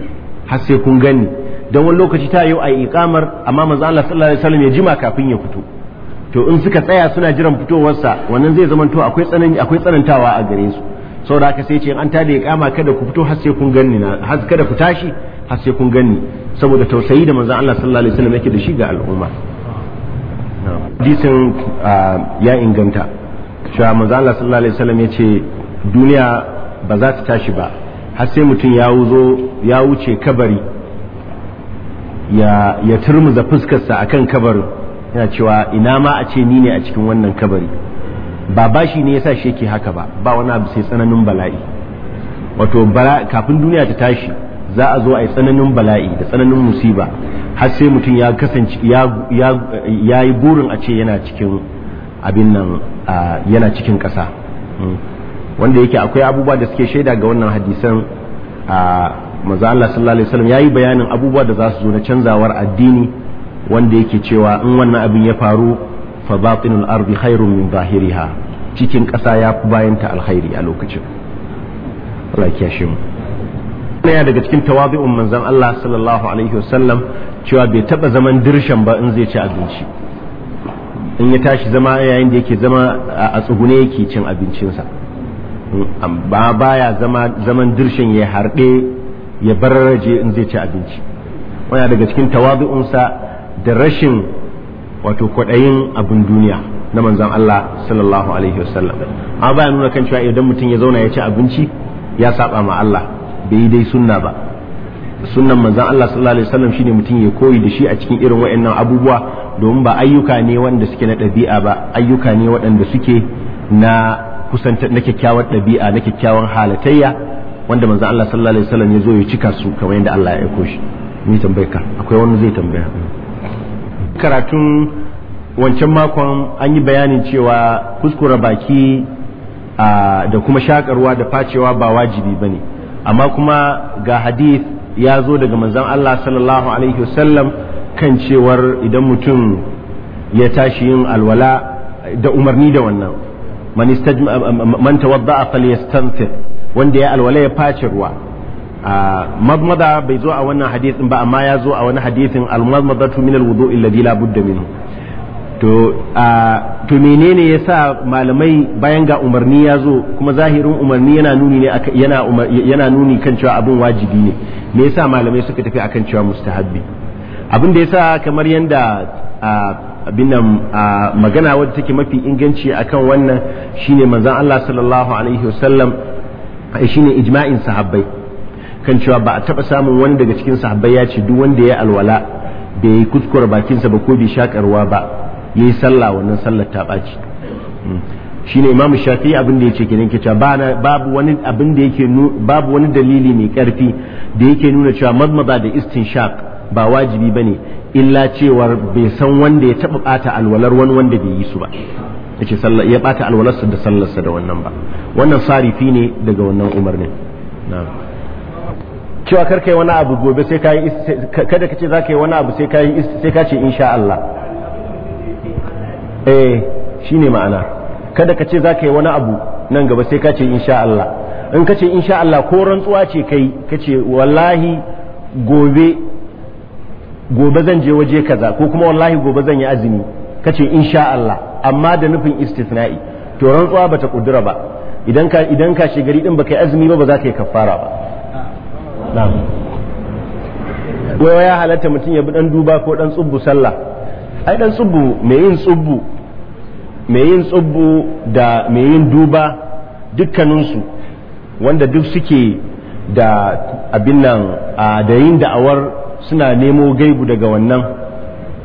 har sai kun gani don wani lokaci ta yau a ikamar amma manzo Allah sallallahu alaihi wasallam ya jima kafin ya fito to in suka tsaya suna jiran fitowarsa wannan zai zama to akwai tsanani akwai tsanantawa a gare su saboda haka sai ce an tada ikama kada ku fito har sai kun ganni na har kada ku tashi har sai kun ganni saboda tausayi da manzo Allah sallallahu alaihi wasallam yake da shi ga al'umma hadisin ah, ya inganta cewa manzo Allah sallallahu alaihi wasallam yace duniya ba za ta tashi ba har sai mutum ya wuzo wuce kabari ya turmuza fuskarsa a kan kabarin yana cewa ina ma a ce ni ne a cikin wannan kabari ba bashi ne yasa shi yake haka ba ba wani abu sai tsananin bala'i wato kafin duniya ta tashi za a zo a yi tsananin bala'i da tsananin musiba har sai mutum ya kasance ya yi burin a ce yana cikin abin nan yana cikin ƙasa hmm. wanda yake akwai abubuwa da suke shaida ga wannan hadisan a maza Allah sallallahu alaihi wasallam yayi bayanin abubuwa da za su zo na canzawar addini wanda yake cewa in wannan abin ya faru fa batinul ardi khairun min zahiriha cikin ƙasa ya fi bayan ta alkhairi a lokacin Allah ya shi mu ne daga cikin tawabi'un manzon Allah sallallahu alaihi wasallam cewa bai taba zaman dirshan ba in zai ci abinci in ya tashi zama yayin da yake zama a tsugune yake cin abincinsa ba baya zama zaman dirshin ya harɗe ya bararraje in zai ci abinci wani daga cikin tawadu'unsa da rashin wato kwaɗayin abin duniya na manzon Allah sallallahu alaihi wasallam amma baya nuna kan cewa idan mutum ya zauna ya ci abinci ya saba ma Allah bai yi dai sunna ba sunnan manzon Allah sallallahu alaihi wasallam shine mutum ya koyi da shi a cikin irin waɗannan abubuwa domin ba ayyuka ne wanda suke na ɗabi'a ba ayyuka ne waɗanda suke na kusanta na kyakkyawar ɗabi'a na kyakkyawar halatayya wanda manzo Allah sallallahu alaihi wasallam ya zo ya cika su kamar yadda Allah ya aiko shi ni tambayka akwai wani zai tambaya karatun wancan makon an yi bayanin cewa kuskura baki da kuma shakarwa da facewa ba wajibi bane amma kuma ga hadith ya zo daga manzon Allah sallallahu alaihi wasallam kan cewar idan mutum ya tashi yin alwala da umarni da wannan man istajma man tawadda'a falyastanfir wanda ya alwala ya face ruwa madmada bai zo a wannan hadisin ba amma ya zo a wani hadisin almadmadatu min alwudu alladhi la budda minhu to a to menene yasa malamai bayan ga umarni ya zo kuma zahirin umarni yana nuni ne yana yana nuni kan cewa abin wajibi ne me yasa malamai suka tafi akan cewa mustahabbi abin da yasa kamar yanda abin magana wadda take mafi inganci akan wannan shine manzon Allah sallallahu alaihi wasallam shine ijma'in sahabbai kan cewa ba a taba samun wani daga cikin sahabbai ya ce duk wanda ya alwala bai yi kuskure bakinsa ba ko bai shakarwa ba yayi sallah wannan sallar ta baci hmm. shine imamu shafi abin da yake kenan ke babu wani abin da yake babu wani dalili mai karfi da yake nuna cewa madmada da istinshaq ba wajibi bane illa cewar bai san wanda ya taɓa ɓata alwalar wani wanda bai yi su ba yace sallah ya ɓata alwalarsa da sallarsa da wannan ba wannan sarifi ne daga wannan umarnin cewa kar kai wani abu gobe sai ka kada ka ce za ka yi wani abu sai ka sai ka ce insha Allah eh shine ma'ana kada ka ce za ka yi wani abu nan gaba sai ka ce insha Allah in ka ce insha Allah ko rantsuwa ce kai ka ce wallahi gobe gobe zan je waje kaza ko kuma wallahi gobe zan yi azumi kace insha Allah amma da nufin istisna'i to rantsuwa bata kudura ba idan ka idan ka shigari din baka yi azumi ba ba za ka yi kafara ba na'am wai ya halatta mutum ya bi dan duba ko dan tsubbu sallah ai dan tsubbu me yin tsubbu me yin tsubbu da me yin duba dukkaninsu wanda duk suke da abin nan da yin da'awar suna nemo gaibu daga wannan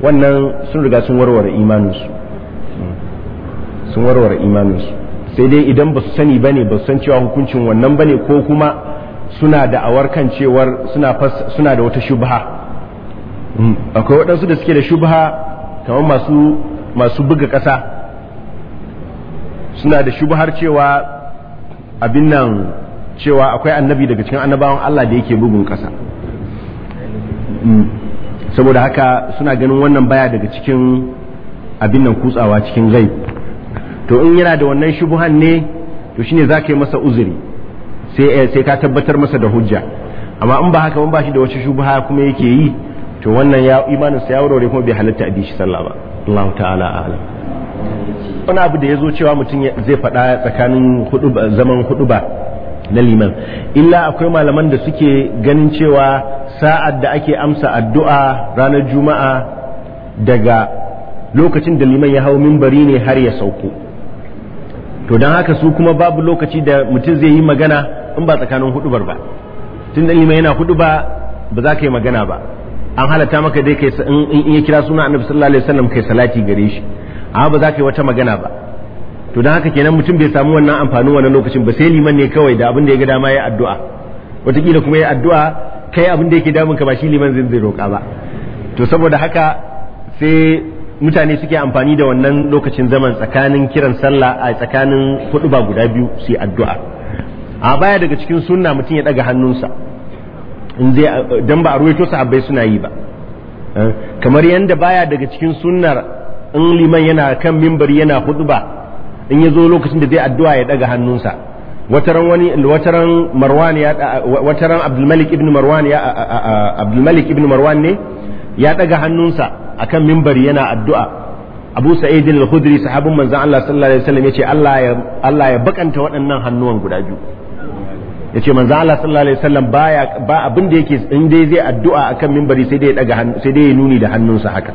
wannan sun riga sun warware imaninsu sun warware imaninsu sai dai idan ba su sani ba ne ba su san cewa hukuncin wannan ba ne ko kuma suna da awar kan cewar suna da wata shubha hmm. akwai waɗansu da suke da shubha kamar masu buga ƙasa suna da shubhar cewa abin nan cewa akwai annabi daga cikin annabawan Allah da yake bugun ƙasa saboda haka suna ganin wannan baya daga cikin abin nan kutsawa cikin gai to in yana da wannan shubuhan ne to shine za ka yi masa uzuri sai eh, ka tabbatar masa da hujja amma in ba haka in ba shi da wata shubuha kuma yake yi to wannan ya imanin sa ya warware kuma bai halatta abi shi sallah ba Allah ta'ala a'lam wani abu da ya zo cewa mutum zai faɗa tsakanin zaman hudu ba na liman illa akwai malaman da suke ganin cewa sa'ad da ake amsa addu'a ranar juma'a daga lokacin da liman ya hau mimbari ne har ya sauko to don haka su kuma babu lokaci da mutum zai yi magana in ba tsakanin hudubar ba tun da liman yana hudu ba ba za ka yi magana ba an halatta maka dai kai in ya kira suna annabi sallallahu alaihi wasallam kai salati gare shi amma ba za ka yi wata magana ba to don haka kenan mutum bai samu wannan amfanin wannan lokacin ba sai liman ne kawai da abin da ya ga dama ya addu'a wataƙila kuma ya addu'a kai abin da yake damun ka ba shi liman zai roƙa ba to saboda haka sai mutane suke amfani da wannan lokacin zaman tsakanin kiran sallah a tsakanin hudu ba guda biyu su yi addu'a a baya daga cikin sunna mutum ya daga hannunsa in zai dan ba a ruwaito sahabbai suna yi ba eh, kamar yadda baya daga cikin sunnar in liman yana kan mimbari yana hudu ba in ya zo lokacin da zai addu'a ya daga hannunsa wataran wani wataran marwan ya wataran abdulmalik ibn marwan ya abdulmalik ibn marwan ne ya daga hannunsa akan mimbari yana addu'a abu sa'id al-khudri sahabin manzon Allah sallallahu alaihi wasallam yace Allah ya Allah ya bakanta waɗannan hannuwan guda biyu yace manzon Allah sallallahu alaihi wasallam baya ba abin da yake in dai zai addu'a akan mimbari sai dai ya daga hannu sai dai ya nuni da hannunsa haka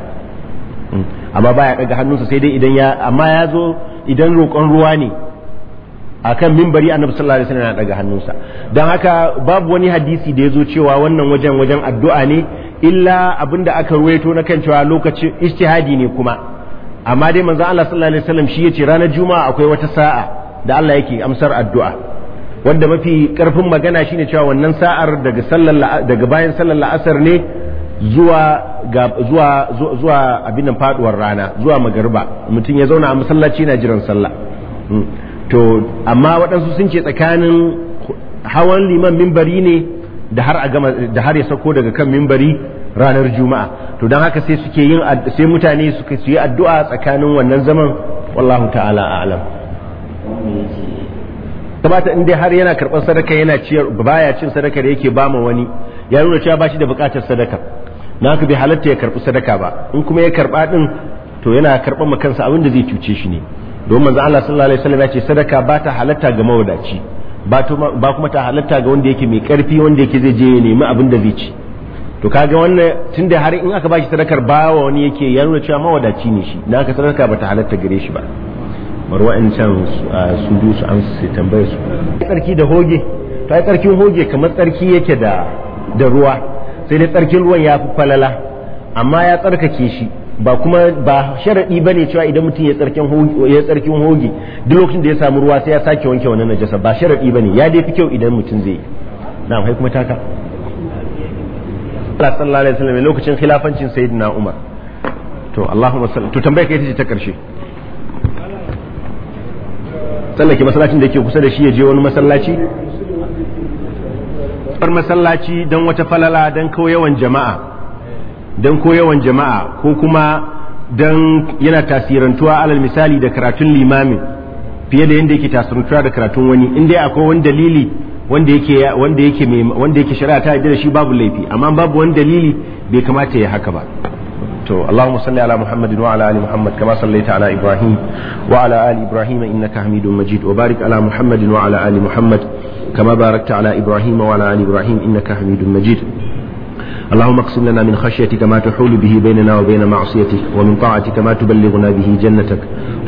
hmm. amma baya daga hannunsa sai dai idan ya amma ya zo idan roƙon ruwa ne akan mimbari annabi sallallahu alaihi wasallam yana daga hannunsa dan haka babu wani hadisi da ya zo cewa wannan wajen wajen addu'a ne illa abinda aka ruwaito na kan cewa lokaci ijtihadi ne kuma amma dai manzo Allah sallallahu alaihi wasallam shi yace ranar juma'a akwai wata sa'a da Allah yake amsar addu'a wanda mafi karfin magana shine cewa wannan sa'ar daga sallar daga bayan sallar la'asar ne zuwa ga zuwa zuwa abin nan faduwar rana zuwa magariba mutum ya zauna a masallaci yana jiran sallah hmm. to amma waɗansu sun ce tsakanin hawan liman mimbari ne da har a gama da har ya sako daga kan mimbari ranar juma'a to don haka sai suke yin sai mutane suke yi addu'a tsakanin wannan zaman wallahu ta'ala a'lam kamata in dai har yana karɓar sadaka yana ciyar baya cin sadakar yake bama wani ya nuna cewa ba shi da buƙatar sadaka na haka bai halatta ya karɓi sadaka ba in kuma ya karɓa ɗin to yana karɓar ma kansa abin da zai cuce shi ne don manzo Allah sallallahu alaihi wasallam ya ce sadaka ba ta halatta ga mawadaci ba kuma ta halatta ga wanda yake mai karfi wanda yake zai je ya nemi abin da zai ci to kaga wannan tunda har in aka bashi sadakar bawa wani yake ya nuna cewa mawadaci ne shi dan aka sadaka ba ta halatta gare shi ba bar wa'ancan su du su an su tambaye su tsarki da hoge to ai tsarkin hoge kamar tsarki yake da da ruwa sai dai tsarkin ruwan ya fi falala amma ya tsarkake shi ba kuma ba sharaɗi ba ne cewa idan mutum ya tsarkin hoge duk lokacin da ya samu ruwa sai ya sake wanke wannan najasa ba sharaɗi ba ne ya dai fi kyau idan mutum zai yi na'am kai kuma taka Allah sallallahu alaihi wasallam lokacin khilafancin sayyidina Umar to Allahumma salli to tambaya kai ce ta karshe tsallake masallacin da yake kusa da shi ya je wani masallaci bar masallaci don wata falala don kawo yawan jama'a don ko yawan jama'a ko kuma don yana tasirantuwa alal misali da karatun limamin fiye da yadda yake tasirantuwa da karatun wani in dai akwai wani dalili wanda yake wanda yake wanda yake shari'a ta da shi babu laifi amma babu wani dalili bai kamata ya haka ba to Allahumma salli ala Muhammadin wa ala ali Muhammad kama sallaita ala Ibrahim wa ala ali Ibrahim innaka Hamidum Majid wa barik ala Muhammadin wa ala ali Muhammad kama barakta ala Ibrahim wa ala ali Ibrahim innaka Hamidum Majid اللهم اقسم لنا من خشيتك ما تحول به بيننا وبين معصيتك ومن طاعتك ما تبلغنا به جنتك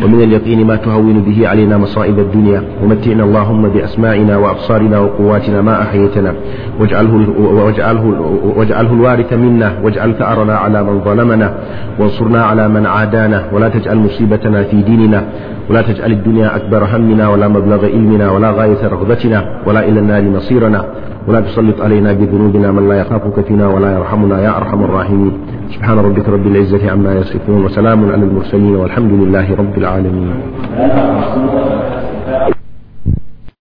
ومن اليقين ما تهون به علينا مصائب الدنيا ومتعنا اللهم بأسماعنا وأبصارنا وقواتنا ما أحيتنا واجعله, واجعله, واجعله الوارث منا واجعل ثأرنا على من ظلمنا وانصرنا على من عادانا ولا تجعل مصيبتنا في ديننا ولا تجعل الدنيا أكبر همنا ولا مبلغ علمنا ولا غاية رغبتنا ولا إلى النار مصيرنا ولا تسلط علينا بذنوبنا من لا يخافك فينا ولا يرحمنا يا أرحم الراحمين سبحان ربك رب العزة عما يصفون وسلام على المرسلين والحمد لله رب العالمين